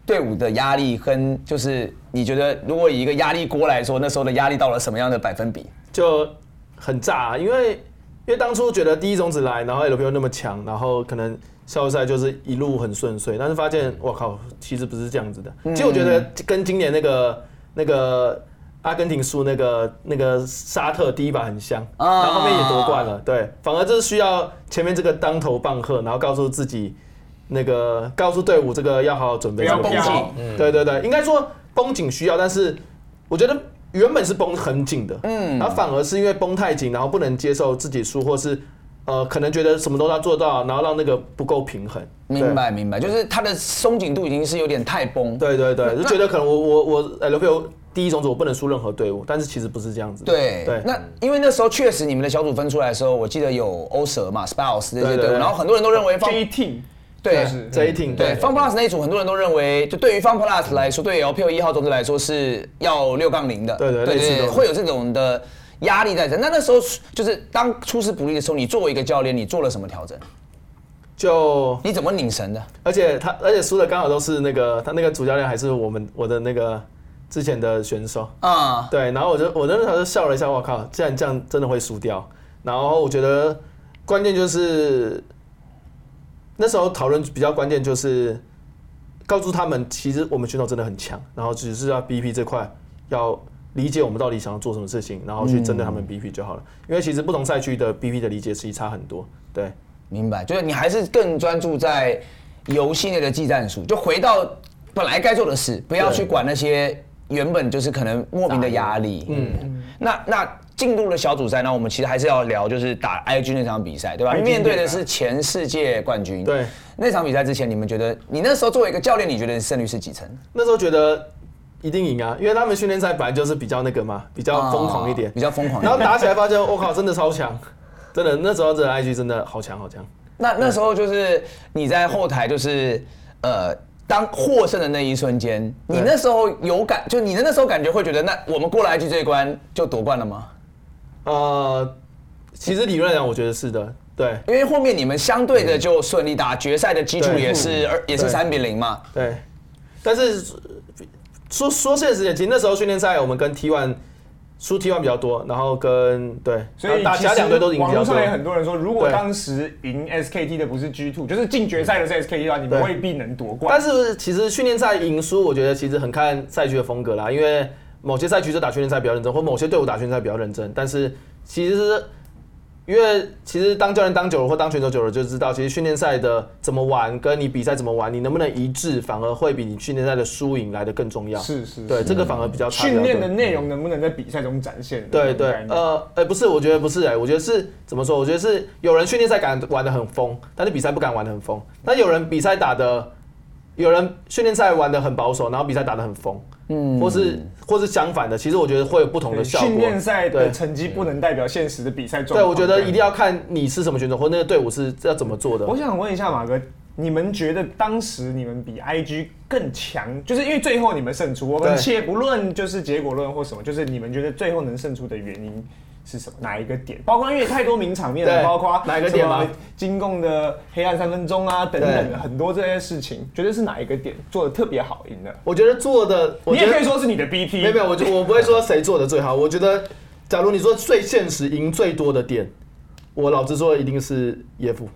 隊伍的壓力跟就是你覺得，如果以一個壓力鍋來說，那時候的壓力到了什麼樣的百分比？就很炸，因為。因為當初覺得第一種子來，然後也 p l 那麼強，然後可能小組賽就是一路很順遂，但是發現我靠，其實不是這樣子的。其實我覺得跟今年那個那個阿根廷輸那個那個沙特第一把很像，然後後面也奪冠了。對，反而就是需要前面這個當頭棒喝，然後告訴自己那個告訴隊伍這個要好好準備，要繃緊。對對對，應該說繃緊需要，但是我覺得。原本是繃很緊的，嗯，他反而是因為繃太緊，然後不能接受自己輸，或是呃，可能覺得什麼東西要做到，然後讓那個不夠平衡。明白，對明白，就是它的鬆緊度已經是有點太繃。對對對，那就覺得可能我我我，呃，劉飛，第一種子我不能輸任何隊伍，但是其實不是這樣子。對對，對那因為那時候確實你們的小組分出來的時候，我記得有歐舍嘛、Spouse 這些隊伍，然後很多人都認為。J 對，這一挺對 Fun Plus 那一組，很多人都認為，就對於 Fun Plus 來說，對 LPL 一號種子來說是要六槓零的。對對對，會有這種的壓力在身。那那時候就是當出師不利的時候，你作為一個教練，你做了什麼調整？就你怎麼擰神的？而且他，而且輸的剛好都是那個他那個主教練，還是我們我的那個之前的選手啊。對，然後我就我那時候就笑了一下，我靠，既然這樣真的會輸掉。然後我覺得關鍵就是。那時候討論比較關鍵就是告訴他們，其實我們選手真的很強，然後只是要 BP 這塊要理解我們到底想要做什麼事情，然後去針對他們 BP 就好了。因為其實不同賽區的 BP 的理解其實差很多。對，對，明白。就是你還是更專注在遊戲內的技戰術，就回到本來該做的事，不要去管那些原本就是可能莫名的壓力。嗯，那那。進入了小組賽，那我們其實還是要聊，就是打 IG 那場比賽，對吧？對，面對的是前世界冠軍。對。那場比賽之前，你們覺得你那時候作為一個教練，你覺得你勝率是幾成？那時候覺得一定贏啊，因為他們訓練賽本來就是比較那個嘛，比較瘋狂一點，哦、比較瘋狂。然後打起來發現，我、 [laughs] 喔、靠，真的超強，真的那時候這 IG 真的好強好強。那那時候就是你在後台，就是對呃，當獲勝的那一瞬間，你那時候有感，就你的那時候感覺會覺得那，那我們過了 IG 這一關，就奪冠了嗎？呃，其實理論上我覺得是的，對，因為後面你們相對的就順利打決賽的基礎也是二、嗯、也是三比零嘛，對，對。但是說說現實點，其實那時候訓練賽我們跟 T One 輸 T One 比較多，然後跟對，所以大家兩隊都贏了。網上也很多人說，如果當時贏 SKT 的不是 G Two，對就是進決賽的是 SKT 的話，你們未必能奪冠對。但是其實訓練賽贏輸，我覺得其實很看賽區的風格啦，因為。某些賽區就打訓練賽比較認真，或某些隊伍打訓練賽比較認真。但是其實，因為其實當教練當久了，或當選手久了，就知道其實訓練賽的怎麼玩，跟你比賽怎麼玩，你能不能一致，反而會比你訓練賽的輸贏來的更重要。是是，是，對，這個反而比較。訓練的內容能不能在比賽中展現？嗯、對對，對，呃，不是，我覺得不是哎、欸，我覺得是怎麼說？我覺得是有人訓練賽敢玩的很瘋，但是比賽不敢玩的很瘋；但有人比賽打的。有人訓練賽玩得很保守，然後比賽打得很瘋，嗯，或是或是相反的，其實我覺得會有不同的效果。訓練賽的成績對不能代表現實的比賽狀態。對我覺得一定要看你是什麼選手，或那個隊伍是要怎麼做的。我想問一下馬哥，你們覺得當時你們比 IG 更強，就是因為最後你們勝出。我們且不論就是結果論或什麼，就是你們覺得最後能勝出的原因，是什麼哪一個點？包括因為太多名場面了， [laughs] 對包括哪一個點嗎？金貢的黑暗三分鐘啊，等等，很多這些事情，絕對對是哪一個點做的特別好贏的？我覺得做的，你也可以說是你的 BP。沒有，我就，我我不會說誰做的最好。 [laughs] 我覺得，假如你說最現實贏最多的點，我老實說的一定是野輔父、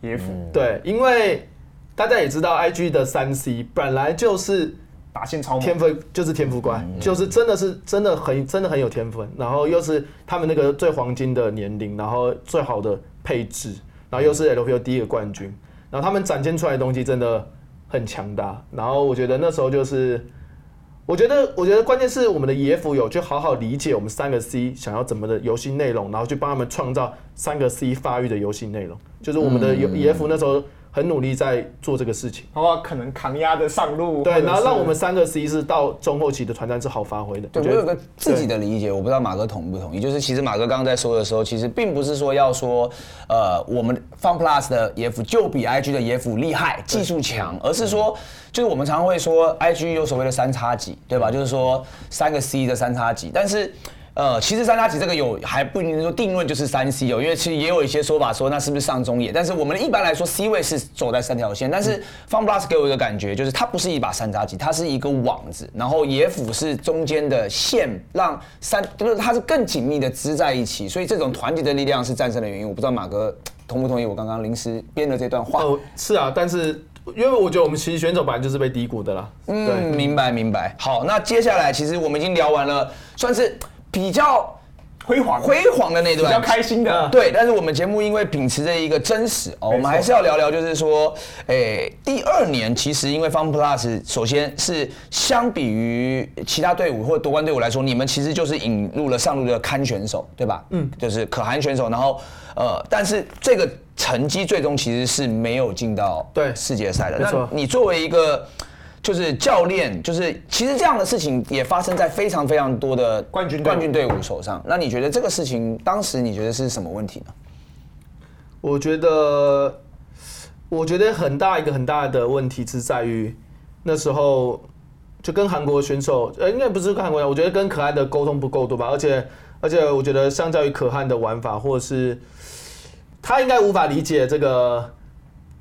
嗯、對，因為大家也知道 IG 的三 C 本來就是。打線超，天分就是天賦觀，就是真的是真的很真的很有天分，然後又是他們那個最黃金的年齡，然後最好的配置，然後又是 LPL 第一個冠軍，然後他們展現出來的東西真的很強大，然後我覺得那時候就是，我覺得我覺得關鍵是我們的野輔有去好好理解我們三個 C 想要怎麼的遊戲內容，然後去幫他們創造三個 C 發育的遊戲內容，就是我們的野輔那時候。很努力在做這個事情，哦，可能扛壓的上路，對，然後讓我們三個 C 是到中後期的團戰是好發揮的。對，我覺得有個自己的理解，我不知道馬哥同不同意。對就是其實馬哥剛剛在說的時候，其實並不是說要說，呃，我們 Fun Plus 的野輔就比 IG 的野輔厲害，對技術強，而是說，就是我們常會說 IG 有所謂的三叉戟，對吧？嗯、就是說三個 C 的三叉戟，但是。呃，其實三叉戟這個有還不一定說定論，就是三 C 哦、喔，因為其實也有一些說法說，那是不是上中野，但是我們一般來說 C 位是走在三條線，嗯、但是方 plus 給我一個感覺就是它不是一把三叉戟，它是一個網子，然後野輔是中間的線，讓三就是它是更緊密的織在一起，所以這種團結的力量是戰勝的原因。我不知道馬哥同不同意我剛剛臨時編的這段話？哦、呃，是啊，但是因為我覺得我們其實選手本來就是被低估的啦。對嗯，明白明白。好，那接下來其實我們已經聊完了，算是。比較輝煌輝煌的那段，比較開心的對，對。但是我們節目因為秉持着一個真實哦，沒錯 我們還是要聊聊，就是說，誒、欸，第二年其實因為 FunPlus，首先是相比於其他隊伍或者奪冠隊伍來說，你們其實就是引入了上路的 Khan 選手，對吧？嗯，就是可汗選手。然後，呃，但是這個成績最終其實是沒有進到對世界賽的。那對、嗯、你作為一個。就是教練，就是其實這樣的事情也發生在非常非常多的冠軍冠軍隊伍手上。那你覺得這個事情當時你覺得是什麼問題呢？我覺得，我覺得很大一個很大的問題是在於那時候就跟韓國選手，呃、欸，應該不是韓國，我覺得跟可汗的溝通不夠多吧。而且，而且我覺得相較於可汗的玩法，或者是他應該無法理解這個。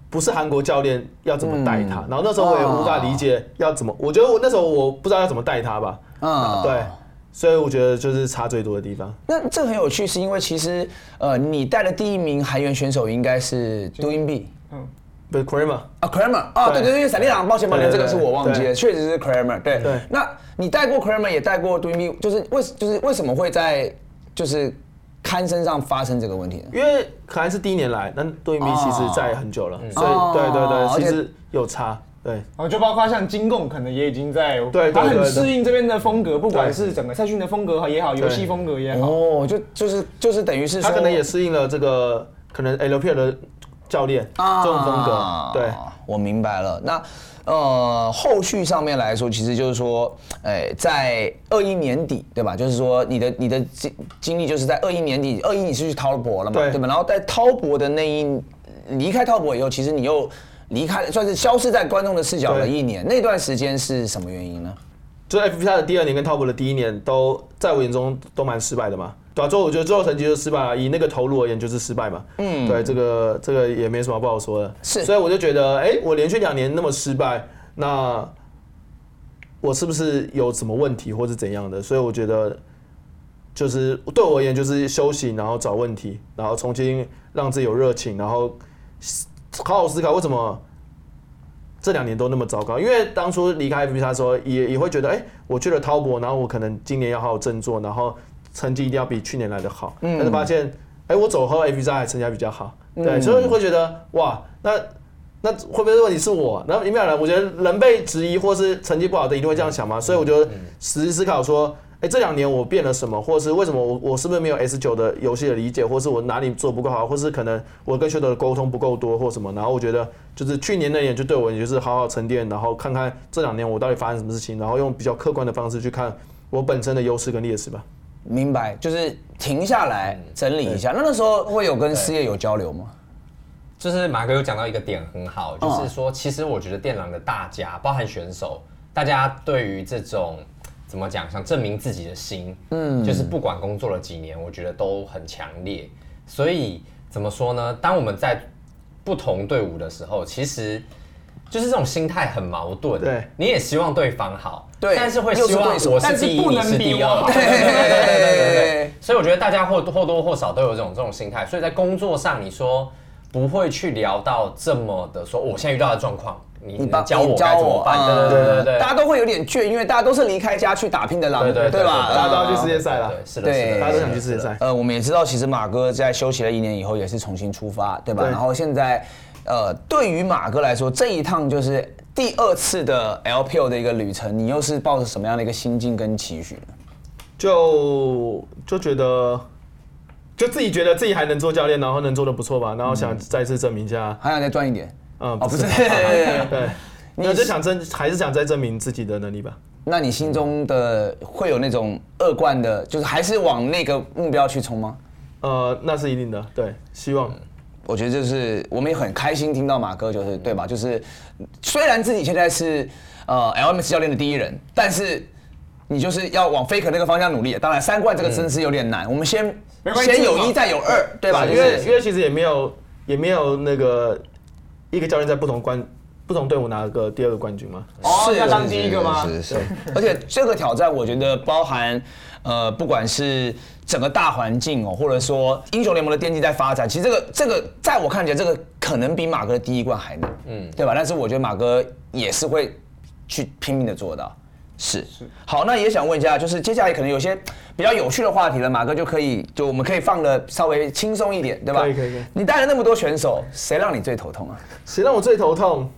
不是韓國教練要怎麼帶他，然後那時候我也無法理解要怎麼，我覺得我那時候我不知道要怎麼帶他吧，嗯，對，所以我覺得就是差最多的地方。嗯、那這很有趣，是因為其實呃，你帶的第一名韓援選手應該是 Doinb，嗯，不是 Kramer 啊，Kramer 啊，對對對，閃電狼，抱歉抱歉，這個是我忘記了，確實是 Kramer，對對。那你帶過 Kramer，也帶過 Doinb，就是為就是為什麼會在就是。刊身上發生這個問題，因為可能是第一年來，但杜米其實在很久了，oh, 所以對對對，oh, okay. 其實有差，對，哦，oh, 就包括像金貢可能也已經在，對，對，他很適應這邊的風格，不管是整個賽訓的風格也好，遊戲對風格也好，哦、oh,，就就是就是等於是說他可能也適應了這個可能 LPL 的教練、oh, 這種風格，對，oh, 我明白了，那。呃，後續上面來說，其實就是說，哎、欸，在二一年底，對吧？就是說你，你的你的經經歷就是在二一年底，二一你是去滔搏了嘛，對，對吧？然後在滔搏的那一離開滔搏以後，其實你又離開，算是消失在觀眾的視角了一年。對那段時間是什麼原因呢？就 F B I 的第二年跟滔搏的第一年都，都在我眼中都蠻失敗的嘛。到最後，我覺得最後成績就是失敗了。以那個投入而言就是失敗嘛。嗯，對，這個這個也沒什麼不好說的。是，所以我就覺得，誒，我連續兩年那麼失敗，那我是不是有什麼問題，或是怎樣的？所以我覺得，就是對我而言，就是休息，然後找問題，然後重新讓自己有熱情，然後好好思考為什麼這兩年都那麼糟糕。因為當初離開 f p g 的時候，也也會覺得，誒，我去了滔博，然後我可能今年要好好振作，然後。成績一定要比去年來的好，但是發現，哎，我走後 A B I 成績還比較好，對，所以會覺得哇，那那會不會問題是我？然後明白了，我覺得人被質疑或是成績不好的一定會這樣想嘛，所以我覺得實際思考說，哎，這兩年我變了什麼，或是為什麼我我是不是沒有 S 九的遊戲的理解，或是我哪裡做不夠好，或是可能我跟學德的溝通不夠多或什麼？然後我覺得就是去年那年就對我就是好好沉澱，然後看看這兩年我到底發生什麼事情，然後用比較客觀的方式去看我本身的優勢跟劣勢吧。明白，就是停下來整理一下。嗯、那個時候會有跟四葉有交流嗎？就是馬哥有講到一個點很好，哦、就是說，其實我覺得電狼的大家，包含選手，大家對於這種怎麼講，想證明自己的心，嗯，就是不管工作了幾年，我覺得都很強烈。所以怎麼說呢？當我們在不同隊伍的時候，其實。就是這種心態很矛盾，對，你也希望對方好，對，但是會希望我是第一，你是第二，對對對對對。所以我覺得大家或或多或少都有這種這種心態，所以在工作上你說不會去聊到這麼的說，我現在遇到的狀況，你教我，你教我該怎麼辦？對對對，大家都會有點倔，因為大家都是離開家去打拼的狼，對對對吧？大家都去世界賽了，是的，大家都想去世界賽。呃，我們也知道，其實馬哥在休息了一年以後也是重新出發，對吧？然後現在。呃，對於馬哥，來說，這一趟，就是第二次的 LPL 的一個旅程，你又是抱着什麼樣的一個心境跟期許呢？就就覺得，就自己覺得自己還能做教練，然後能做得不錯吧，然後想再次證明一下，嗯嗯、還想再賺一點，嗯，不是，你是想證，還是想再證明自己的能力吧？那你心中的會有那種二冠的，就是還是往那個目標去衝嗎？呃，那是一定的，對，希望。嗯我覺得就是我們也很開心聽到馬哥，就是對吧？嗯、就是雖然自己現在是呃 LMS 教練的第一人，但是你就是要往 Faker 那個方向努力。當然三冠這個真是有點難，我們先先有一再有二，嗯、對吧？因為因為其實也沒有也沒有那個一個教練在不同冠不同隊伍拿個第二個冠軍嘛。哦，要是 當第一個嗎？是是，是。對 而且這個挑戰我覺得包含。呃，不管是整個大環境哦、喔，或者說英雄聯盟的電競在發展，其實這個這個，在我看起來，這個可能比馬哥的第一冠還難，嗯，對吧？但是我覺得馬哥也是會去拼命的做到，是是。好，那也想問一下，就是接下來可能有些比較有趣的話題了，馬哥就可以就我們可以放的稍微輕鬆一點，對吧？可以可以可以。你帶了那麼多選手，誰讓你最頭痛啊？誰讓我最頭痛？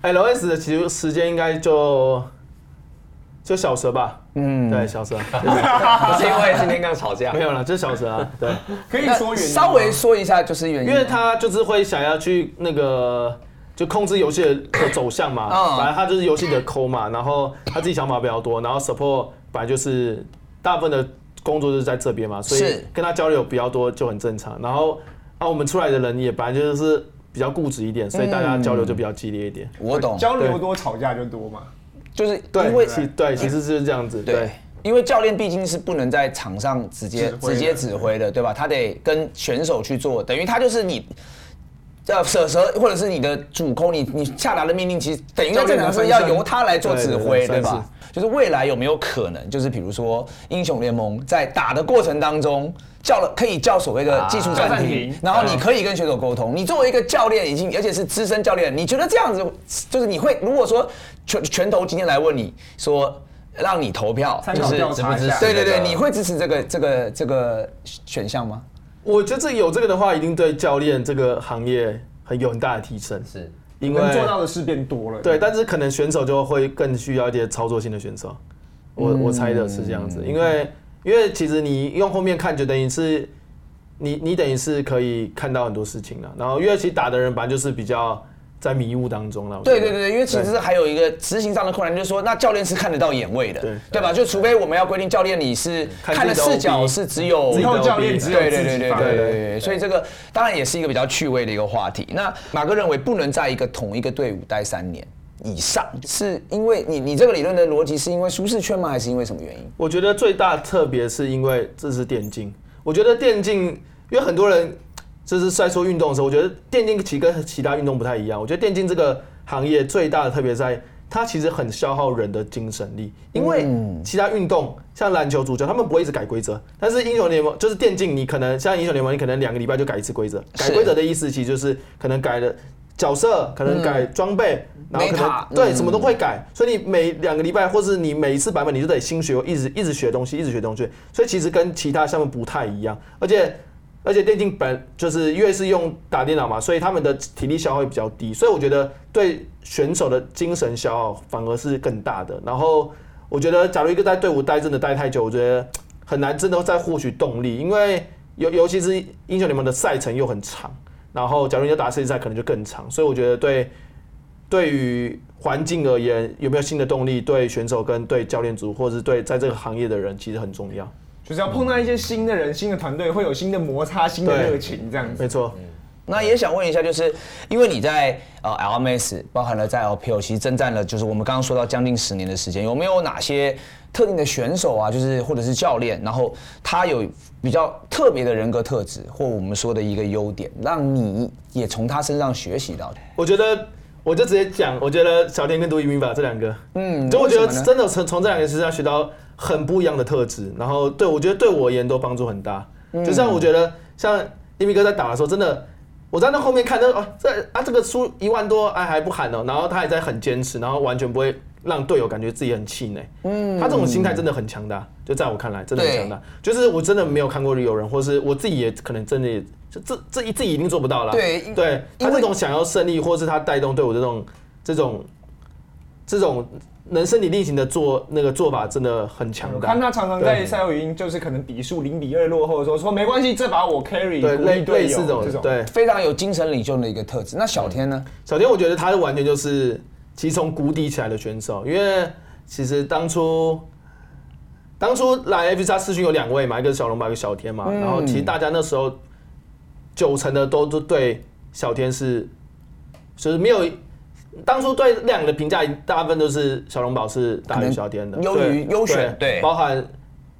哎，L S 的其實時間應該就就小蛇吧。嗯，對，小蛇、啊， [laughs] 不是因為今天剛吵架， [laughs] 沒有啦，就是小蛇啊，對，可以說原，稍微說一下就是原因，因為他就是會想要去那個就控制遊戲的走向嘛，嗯，反正他就是遊戲的 call 嘛，然後他自己想法比較多，然後 support 本來就是大部分的工作就是在這邊嘛，所以跟他交流比較多就很正常，然後啊，我們出來的人也本來就是比較固執一點，所以大家交流就比較激烈一點，我懂，交流多吵架就多嘛。我懂 就是因為對，其實就是這樣子。對，因為教練畢竟是不能在場上直接直接指揮的，對吧？他得跟選手去做，等於他就是你呃，舍舍，或者是你的主控，你你下達的命令其實等於說只能說要由他來做指揮，對吧？就是未來有沒有可能，就是比如說英雄聯盟在打的過程當中叫了可以叫所謂的技術暫停，然後你可以跟選手溝通。你作為一個教練，已經而且是資深教練，你覺得這樣子就是你會如果說。拳拳頭今天來問你，說讓你投票，就是支持，是不是對對對，你會支持這個這個這個選項嗎？我覺得這有這個的話，一定對教練這個行業很有很大的提升，是因為能做到的事變多了。對，該但是可能選手就會更需要一些操作性的選手。嗯、我我猜的是這樣子，嗯、因為、嗯、因為其實你用後面看，就等於是你你等於是可以看到很多事情了。然後因為其實打的人，本來就是比較。在迷霧當中了。對對對，因為其實還有一個執行上的困難，就是說，那教練是看得到眼位的，對,對,對吧？就除非我們要規定教練你是看的視角是只有 OP, OP, 是只有教練，對對對對對。所以這個當然也是一個比較趣味的一個話題。那馬哥認為不能在一個同一個隊伍待三年以上，是因為你你這個理論的邏輯是因為舒適圈嗎？還是因為什麼原因？我覺得最大特別是因為這是電競，我覺得電競因為很多人。這是賽速運動的時候，我覺得電競其實跟其他運動不太一樣。我覺得電競這個行業最大的特別在它其實很消耗人的精神力，因為其他運動像籃球、足球，他們不會一直改規則。但是英雄聯盟就是電競，你可能像英雄聯盟，你可能兩個禮拜就改一次規則。改規則的意思其實就是可能改了角色，可能改裝備，然後可能對什麼都會改。所以你每兩個禮拜，或是你每一次版本，你就得新學，我一直一直學東西，一直學東西。所以其實跟其他項目不太一樣，而且。而且電競本就是越是用打電腦嘛，所以他們的體力消耗也比較低，所以我覺得對選手的精神消耗反而是更大的。然後我覺得，假如一個在隊伍待真的待太久，我覺得很難真的再獲取動力，因為尤尤其是英雄聯盟的賽程又很長，然後假如你要打世界賽，可能就更長。所以我覺得對對於環境而言，有沒有新的動力，對選手跟對教練組，或者是對在這個行業的人，其實很重要。就是要碰到一些新的人、嗯、新的團隊，會有新的摩擦、新的熱情，這樣子。沒錯、嗯，那也想問一下，就是因為你在呃 LMS，包含了在 LPL 其實征戰了，就是我們剛剛說到將近十年的時間，有沒有哪些特定的選手啊，就是或者是教練，然後他有比較特別的人格特質，或我們說的一個優點，讓你也從他身上學習到？我覺得，我就直接講，我覺得小天跟杜一鳴吧，這兩個，嗯，就我覺得真的從從這兩個身上學到，很不一樣的特質，然後對，我覺得對我而言都幫助很大。就像我覺得，像一鳴哥在打的時候，真的，我在那後面看，着啊，在啊這個輸一萬多，哎，還不喊呢、喔，然後他還在很堅持，然後完全不會讓隊友感覺自己很氣餒。嗯，他這種心態真的很強大，就在我看來真的很強大。就是我真的沒有看過有人，或是我自己也可能真的也就這這一自己一定做不到啦。對他這種想要勝利，或是他帶動隊友這種這種這種。能身體力行的做那個做法真的很強大。看他常常在賽會語音，就是可能比數零比二落後的時候，說沒關係，這把我 carry。對，類似這種，對，非常有精神領袖的一個特質。那小天呢？小天，我覺得他是完全就是其實從谷底起來的選手，因為其實當初當初來 FPX 試訓有兩位嘛，一個是小龍，一個小天嘛。然後其實大家那時候九成的都都對小天是就是沒有。當初對兩個的評價大部分都是小龍堡是大於小天的，優於優選，對，包含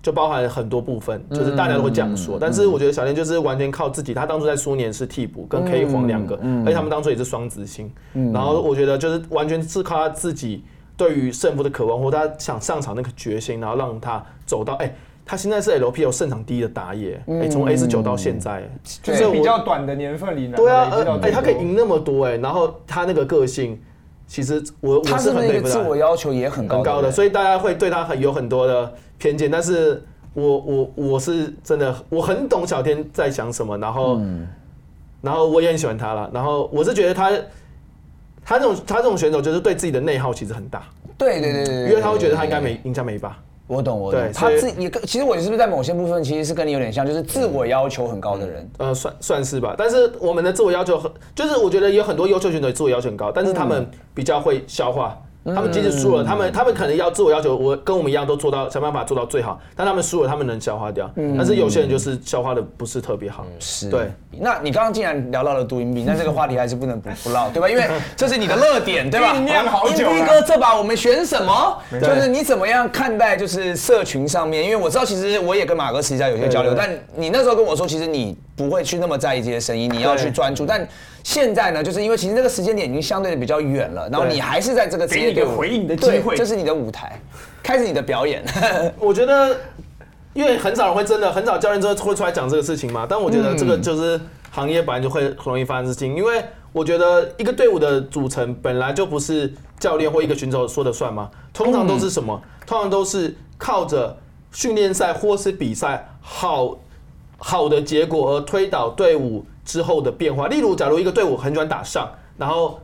就包含很多部分，就是大家都會這樣說。但是我覺得小天就是完全靠自己，他當初在蘇寧是替補跟 K 皇兩個，而且他們當初也是雙子星。然後我覺得就是完全是靠他自己對於勝負的渴望，或他想上場那個決心，然後讓他走到哎、欸。他現在是 LPL 勝場第一的打野，哎、欸，從 S 九到現在，就是、嗯、比較短的年份裡，對啊、呃欸，他可以贏那麼多哎，然後他那個個性，其實我我是很佩服，他是自我要求也很高的，所以大家會對他很有很多的偏見。嗯、但是我，我我我是真的，我很懂小天在想什麼。然後，嗯、然後我也很喜歡他了。然後，我是覺得他，他這種他這種選手，就是對自己的內耗其實很大。對對對對，對，因為他會覺得他應該沒，贏下每一把。我懂，我懂。對，他自己其實我是不是在某些部分其實是跟你有點像，就是自我要求很高的人。嗯、呃，算算是吧。但是我們的自我要求很，就是我覺得也有很多優秀選手自我要求很高，但是他們比較會消化。嗯他們即使輸了，他們他們可能要自我要求，我跟我們一樣都做到，想辦法做到最好。但他們輸了，他們能消化掉。但是有些人就是消化得不是特別好。是、嗯，對。那你剛剛既然聊到了 doinb，那這個話題還是不能不不嘮，對吧？因為這是你的熱點， [laughs] 對吧？醞釀好久了。doinb 哥，這把我們選什麼？嗯、就是你怎麼樣看待就是社群上面？因為我知道，其實我也跟馬哥實際上有些交流，對對對，但你那時候跟我說，其實你不會去那麼在意這些聲音，你要去專注，對但。現在呢，就是因為其實這個時間點已經相對的比較遠了，然後你還是在這個隊伍，給一個回應的機會，這是你的舞台，開始你的表演。 [laughs] 我覺得，因為很少人會真的，很少教練就會出來講這個事情嘛。但我覺得這個就是行業本來就會很容易發生事情，因為我覺得一個隊伍的組成本來就不是教練或一個選手說的算嘛？通常都是什麼？通常都是靠着訓練賽或是比賽好好的結果而推導隊伍。之後的變化，例如，假如一個隊伍很喜歡打上，然後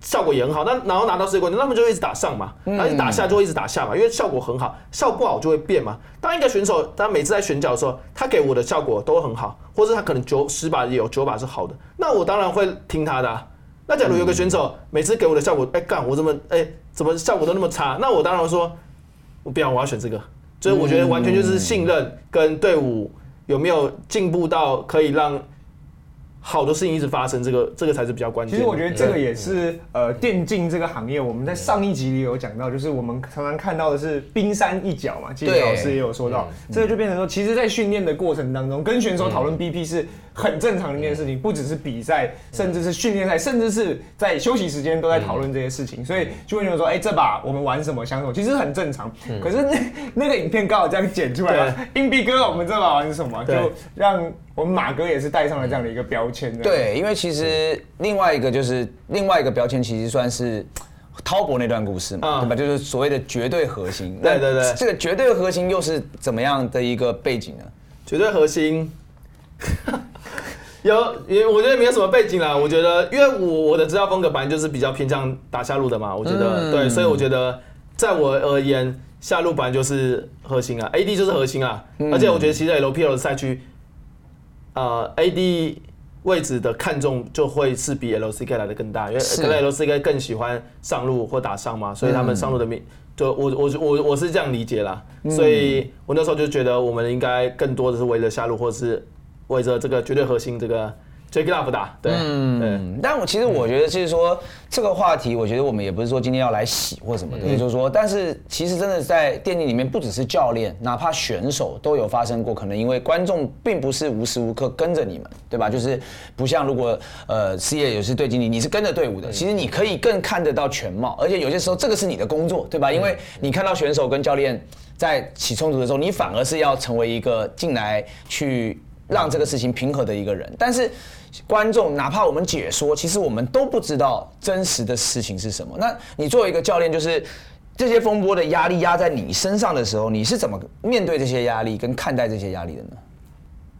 效果也很好，那然後拿到世界冠軍，那麼就一直打上嘛，然後一打下就會一直打下嘛，因為效果很好，效果不好就會變嘛。當一個選手，他每次在選角的時候，他給我的效果都很好，或者他可能九十把也有九把是好的，那我當然會聽他的啊。那假如有一個選手、嗯、每次給我的效果，哎、欸，幹我怎麼哎、欸、怎麼效果都那麼差？那我當然說，我不要，我要選這個。所以我覺得完全就是信任跟隊伍有沒有進步到可以讓。好的事情一直發生，這個這個才是比較關鍵。其實我覺得這個也是呃電競這個行業，我們在上一集裡有講到，就是我們常常看到的是冰山一角嘛。記得老師也有說到，這個就變成說，其實，在訓練的過程當中，跟選手討論 BP 是很正常的一件事情，不只是比賽，甚至是訓練賽，甚至是在休息時間都在討論這些事情。所以就會有人說，哎，這把我們玩什麼，想什麼，其實很正常。可是那那個影片剛好這樣剪出來了，硬幣哥，我們這把玩什麼，就讓。我們馬哥也是帶上了這樣的一個標籤。嗯、對，因為其實另外一個就是另外一個標籤，其實算是滔博那段故事嘛，嗯、對吧？就是所謂的絕對核心。對對對，這個絕對核心又是怎麼樣的一個背景呢？絕對核心，有，因為我覺得沒有什麼背景啦。我覺得，因為我我的執教風格本來就是比較偏向打下路的嘛。我覺得對，所以我覺得在我而言，下路本來就是核心啊，AD 就是核心啊。而且我覺得，其實 LPL 的賽區。呃、uh，AD 位置的看重就會是比 LCK 來的更大，是因為可能 LCK 更喜歡上路或打上嘛，嗯、所以他們上路的命，就我我我我是這樣理解啦，嗯、所以我那時候就覺得我們應該更多的是圍着下路，或是圍着這個絕對核心這個。追格納夫打對。嗯，對嗯、但我其實我覺得，就是說這個話題，我覺得我們也不是說今天要來洗或什麼的，就是說，說，但是其實真的在電競裡面，不只是教練，哪怕選手都有發生過，可能因為觀眾並不是無時無刻跟着你們，對吧？就是不像如果呃也事業有些隊經理，你是跟着隊伍的，其實你可以更看得到全貌，而且有些時候這個是你的工作，對吧？因為你看到選手跟教練在起衝突的時候，你反而是要成為一個進來去讓這個事情平和的一個人，但是。觀眾哪怕我們解說，其實我們都不知道真實的事情是什麼。那你作為一個教練，就是這些風波的壓力壓在你身上的時候，你是怎麼面對這些壓力跟看待這些壓力的呢？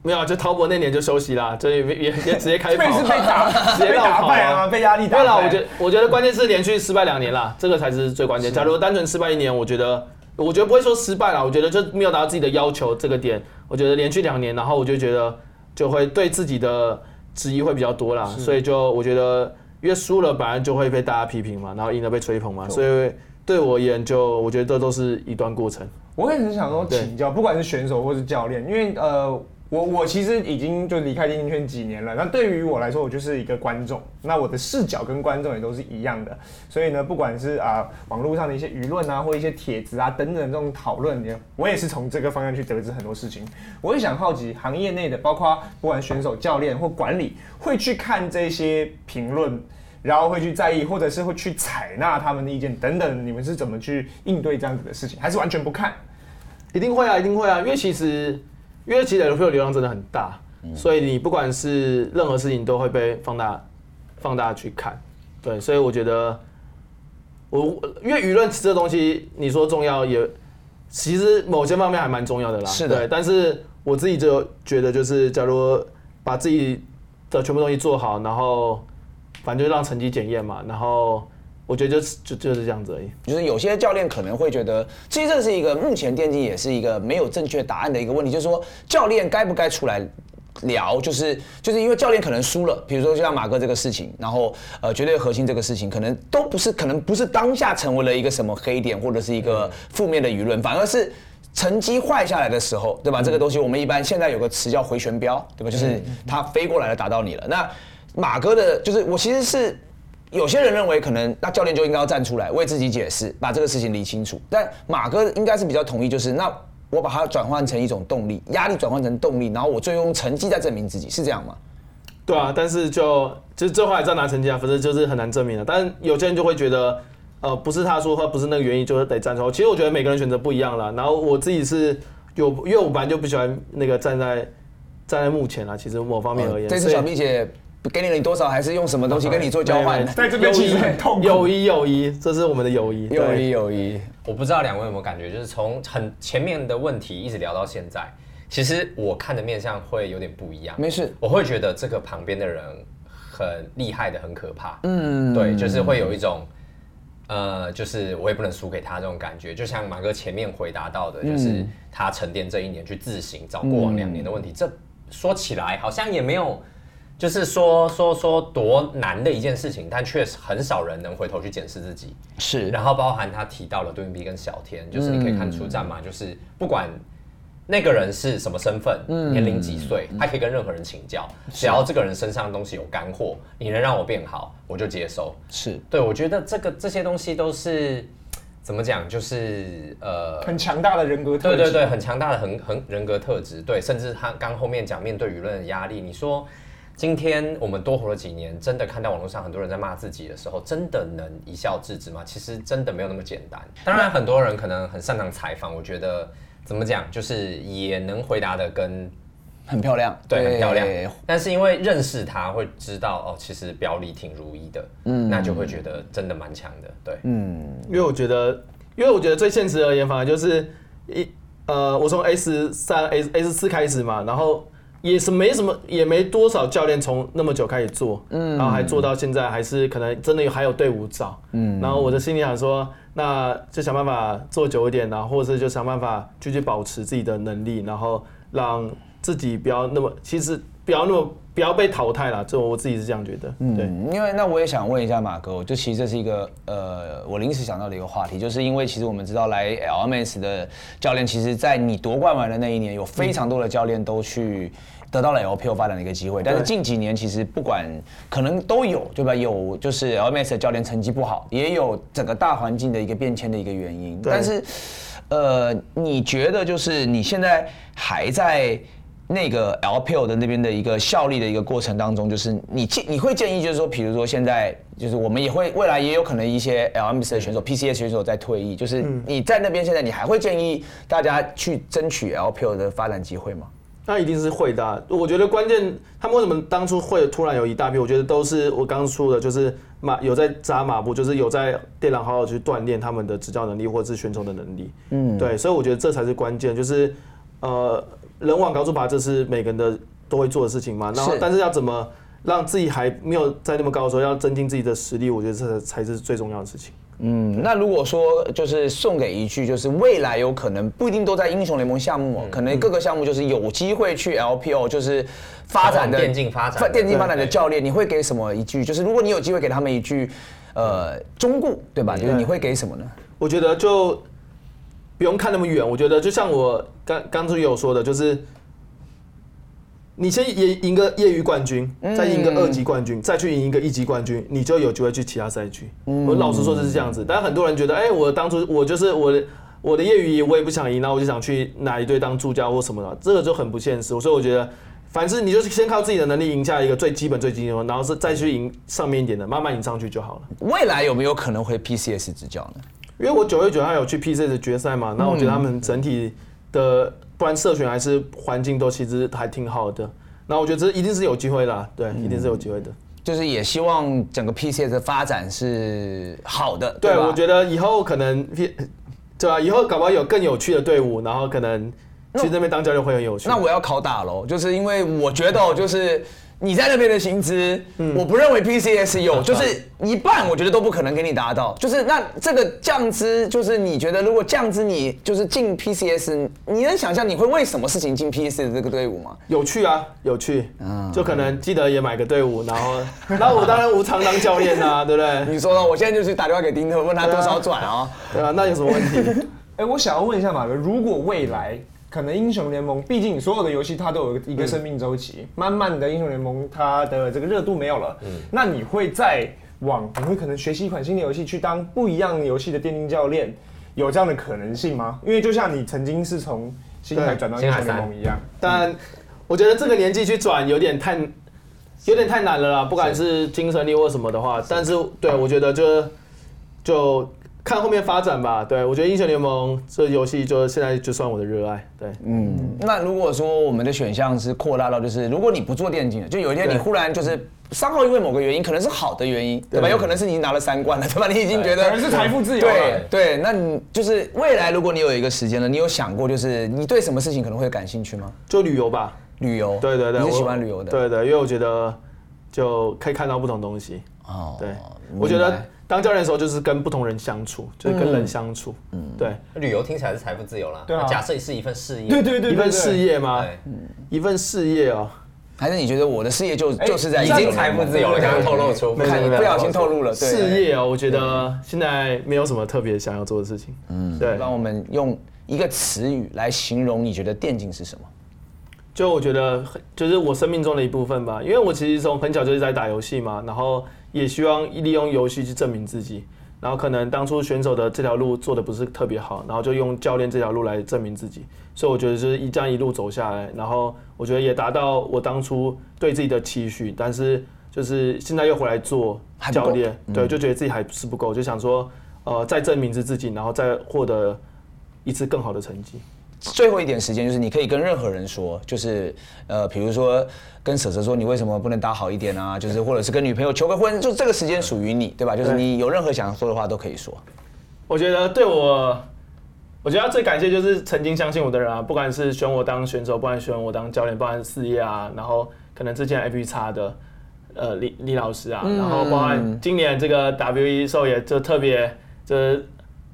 沒有啊，就滔搏那年就休息啦，所以也也，也直接開始跑跑 [laughs] 被，被打直接，啊、被打敗了、啊、被壓力打了。對了，我覺我覺得關鍵是連續失敗兩年了， [laughs] 這個才是最關鍵。的假如單純失敗一年，我覺得我覺得不會說失敗了，我覺得就沒有達到自己的要求這個點。我覺得連續兩年，然後我就覺得就會對自己的。質疑會比較多啦，是所以就我覺得，因為輸了本來就會被大家批評嘛，然後贏了被吹捧嘛，嗯、所以對我而言，就我覺得這都是一段過程。我也很想說請教，對不管是選手或是教練，因為呃。我我其實已經就離開電競圈幾年了，那對於我來說，我就是一個觀眾。那我的視角跟觀眾也都是一樣的，所以呢，不管是啊、呃、網絡上的一些輿論啊，或一些帖子啊等等這種討論，我也是從這個方向去得知很多事情。我也想好奇，行業內的，包括不管選手、教練或管理，會去看這些評論，然後會去在意，或者是會去採納他們的意見等等，你們是怎麼去應對這樣子的事情？還是完全不看？一定會啊，一定會啊，因為其實。因為其實流量真的很大，所以你不管是任何事情都會被放大、放大去看。對，所以我覺得我，我因為輿論這東西，你說重要也，也其實某些方面還蠻重要的啦。是的。對，但是我自己就覺得，就是假如把自己的全部東西做好，然後反正就讓成績檢驗嘛，然後。我覺得就是就就是這樣子而已，就是有些教練可能會覺得，其實這是一個目前電競也是一個沒有正確答案的一個問題，就是說教練該不該出來聊，就是就是因為教練可能輸了，比如說就像馬哥這個事情，然後呃絕對核心這個事情，可能都不是，可能不是當下成為了一個什麼黑點或者是一個負面的輿論，反而是成績壞下來的時候，對吧？這個東西我們一般現在有個詞叫回旋鏢，對吧？就是他飛過來了打到你了。那馬哥的就是我其實是。有些人認為可能那教練就應該要站出來為自己解釋，把這個事情理清楚。但馬哥應該是比較同意，就是那我把它轉換成一種動力，壓力轉換成動力，然後我就用成績再證明自己，是這樣嗎？對啊，但是就就最後還是要拿成績啊，反正就是很難證明的。但是有些人就會覺得，呃，不是他說他不是那個原因，就是得站出來。其實我覺得每個人選擇不一樣啦。然後我自己是有，因為我本來就不喜歡那個站在站在幕前啦。其實某方面而言，這次小明姐。以給你了你多少？還是用什麼東西跟你做交換？在這邊其實很痛苦。友誼，友誼，這是我們的友誼。友誼，友誼。我不知道兩位有沒有感覺，就是從很前面的問題一直聊到現在，其實我看的面相會有點不一樣。沒事，我會覺得這個旁邊的人很厲害的，很可怕。嗯，對，就是會有一種，呃，就是我也不能輸給他這種感覺。就像馬哥前面回答到的，嗯、就是他沉澱這一年去自行找過往兩年的問題。嗯、這說起來好像也沒有。就是說說說多難的一件事情，但確實很少人能回頭去檢視自己。是，然後包含他提到了 Doinb 跟小天，就是你可以看出戰馬，嗯、就是不管那個人是什麼身份，嗯、年齡幾歲，他可以跟任何人請教，嗯、只要這個人身上的東西有乾貨，你能讓我變好，我就接受。是，對，我覺得這個這些東西都是怎麼講，就是呃，很強大的人格特質，對對對，很強大的很很人格特質。對，甚至他剛後面講面對輿論的壓力，你說。今天我們多活了幾年，真的看到網絡上很多人在罵自己的時候，真的能一笑置之嗎？其實真的沒有那麼簡單。當然，很多人可能很擅長採訪，我覺得怎麼講，就是也能回答的跟很漂亮，對，對很漂亮。但是因為認識他，會知道哦、喔，其實表裡挺如一的，嗯，那就會覺得真的蠻強的，對，嗯。因為我覺得，因為我覺得最現實而言，反而就是一呃，我從 S 三 S S 四開始嘛，然後。也是沒什麼，也沒多少教練從那麼久開始做，嗯，然後還做到現在，還是可能真的還有隊伍找，嗯，然後我的心裡想說，那就想辦法做久一點，然後或者是就想辦法繼續保持自己的能力，然後讓自己不要那麼，其實不要那麼。不要被淘汰了，這我自己是這樣覺得。嗯，對，因為那我也想問一下馬哥，就其實這是一個呃，我臨時想到的一個話題，就是因為其實我們知道來 LMS 的教練，其實，在你奪冠完的那一年，有非常多的教練都去得到了 LPL 發展的一個機會，嗯、但是近幾年其實不管可能都有，對吧？有就是 LMS 的教練成績不好，也有整個大環境的一個變遷的一個原因。對但是，呃，你覺得就是你現在還在？那個 LPL 的那邊的一個效力的一個過程當中，就是你建你會建議，就是說，比如說現在就是我們也會未來也有可能一些 LMS 選手、PCS 選手在退役，就是你在那邊現在你還會建議大家去爭取 LPL 的發展機會嗎？那、嗯、一定是會的、啊。我覺得關鍵他們為什麼當初會突然有一大批，我覺得都是我剛說的，就是馬有在扎馬步，就是有在電腦好好去鍛鍊他們的執教能力或者是選手的能力。嗯，對，所以我覺得這才是關鍵，就是呃。人往高處爬，這是每個人的都會做的事情嘛。然後，但是要怎麼讓自己還沒有在那麼高的時候，要增進自己的實力，我覺得這才是最重要的事情。嗯，那如果說就是送給一句，就是未來有可能不一定都在英雄聯盟項目，喔，嗯、可能各個項目就是有機會去 LPL，就是發展的電競發展電競發展的教練，你會給什麼一句？就是如果你有機會給他們一句，呃，忠告對吧？就是你會給什麼呢？嗯、我覺得就。不用看那麼遠，我覺得就像我剛剛初有說的，就是你先贏贏個業餘冠軍，再贏個二級冠軍，再去贏一個一級冠軍，你就有機會去其他賽區。我老實說就是這樣子，但很多人覺得，哎、欸，我當初我就是我我的業餘我也不想贏，那我就想去哪一隊當助教或什麼的，這個就很不現實。所以我覺得，反正你就是先靠自己的能力贏下一個最基本最基本，然後是再去贏上面一點的，慢慢贏上去就好了。未來有沒有可能回 PCS 執教呢？因為我九月九號有去 PCS 的決賽嘛，那我覺得他們整體的，不管社群還是環境都其實還挺好的。那我覺得這一定是有機會啦，對，嗯、一定是有機會的。就是也希望整個 PCS 的發展是好的，對，對吧？我覺得以後可能，對吧、啊？以後搞不好有更有趣的隊伍，然後可能。其實這邊當教練會很有趣。那我要拷打嘍，就是因為我覺得，就是你在那邊的薪資，我不認為 P C S 有，就是一半，我覺得都不可能給你達到。就是那這個降資，就是你覺得如果降資，你就是進 P C S，你能想象你會為什麼事情進 P C S 的這個隊伍嗎？有趣啊，有趣，嗯，就可能記得也買個隊伍，然後，然後我當然無償當教練啦，對不對？ [laughs] 你說，我現在就去打電話給丁特，問他多少轉啊？對啊，啊、那有什麼問題？哎，我想要問一下馬哥，如果未來。可能英雄聯盟，畢竟所有的遊戲它都有一個生命週期。嗯、慢慢的，英雄聯盟它的這個熱度沒有了，嗯、那你會再往，你會可能學習一款新的遊戲去當不一樣的遊戲的電競教練，有這樣的可能性嗎？因為就像你曾經是從星海轉到英雄聯盟一樣，但我覺得這個年紀去轉有點太有點太難了啦，不管是精神力或什麼的話，是但是對我覺得就就。看後面發展吧，對我覺得英雄聯盟這遊戲就現在就算我的熱愛，對，嗯，嗯、那如果說我們的選項是擴大到就是，如果你不做電競了，就有一天你忽然就是，三號因為某個原因，可能是好的原因，對，對吧？有可能是你拿了三冠了，對吧？你已經覺得可能是財富自由了，欸，對對，那你就是未來，如果你有一個時間了，你有想過就是你對什麼事情可能會感興趣嗎？就旅遊吧，旅遊，對對對，你喜歡旅遊的，對對，對，因為我覺得就可以看到不同東西，哦，對，我覺得。當教練的時候，就是跟不同人相處，就是跟人相處。嗯，對。旅遊聽起來是財富自由啦。假設是一份事業，對對對，一份事業嗎？嗯，一份事業哦。還是你覺得我的事業就就是這樣？已經財富自由了，剛剛透露出，看，不小心透露了。事業哦，我覺得現在沒有什麼特別想要做的事情。嗯，對。讓我們用一個詞語來形容，你覺得電競是什麼？就我覺得很，就是我生命中的一部分吧，因為我其實從很小就是在打遊戲嘛，然後也希望利用遊戲去證明自己，然後可能當初選手的這條路做得不是特別好，然後就用教練這條路來證明自己，所以我覺得就是一這樣一路走下來，然後我覺得也達到我當初對自己的期許，但是就是現在又回來做教練，對，就覺得自己還是不夠，就想說呃再證明着自己，然後再獲得一次更好的成績。最後一點時間，就是你可以跟任何人說，就是，呃，比如說跟舍舍說，你為什麼不能打好一點啊，就是或者是跟女朋友求個婚，就這個時間屬於你，對吧？就是你有任何想要說的話都可以說。對 我覺得對我，我覺得最感謝就是曾經相信我的人啊，不管是選我當選手，不管選我當教練，包含四葉啊，然後可能之前 FV X 的，呃，李李老師啊，然後包含今年這個 WE 的時候也就特別就是。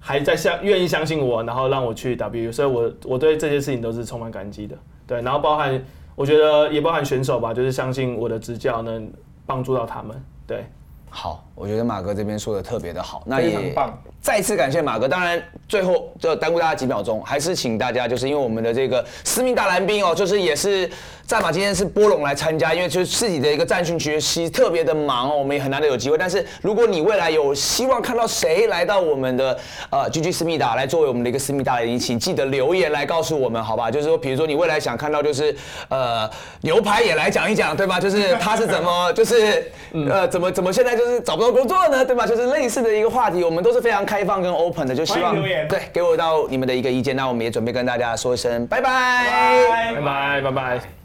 還在相願意相信我，然後讓我去 W，所以我我對這些事情都是充滿感激的，對，然後包含我覺得也包含選手吧，就是相信我的執教能幫助到他們，對。好，我覺得馬哥這邊說的特別的好，那也很棒。再次感謝馬哥，當然最後就耽誤大家幾秒鐘，還是請大家就是因為我們的這個私密答藍兵哦、喔，就是也是戰馬今天是波龍來參加，因為就是自己的一個戰訓學習特別的忙哦、喔，我們也很難得有機會。但是如果你未來有希望看到誰來到我們的呃，GG 私密答來作為我們的一個私密答來賓，請記得留言來告訴我們，好吧？就是說，比如說你未來想看到就是呃牛排也來講一講，對吧？就是他是怎麼就是呃怎麼怎麼現在就是找不到工作呢，對吧？就是類似的一個話題，我們都是非常看。開放跟 open 的，就希望對給我到你們的一個意見。那我們也準備跟大家說一聲拜拜，拜拜，拜拜。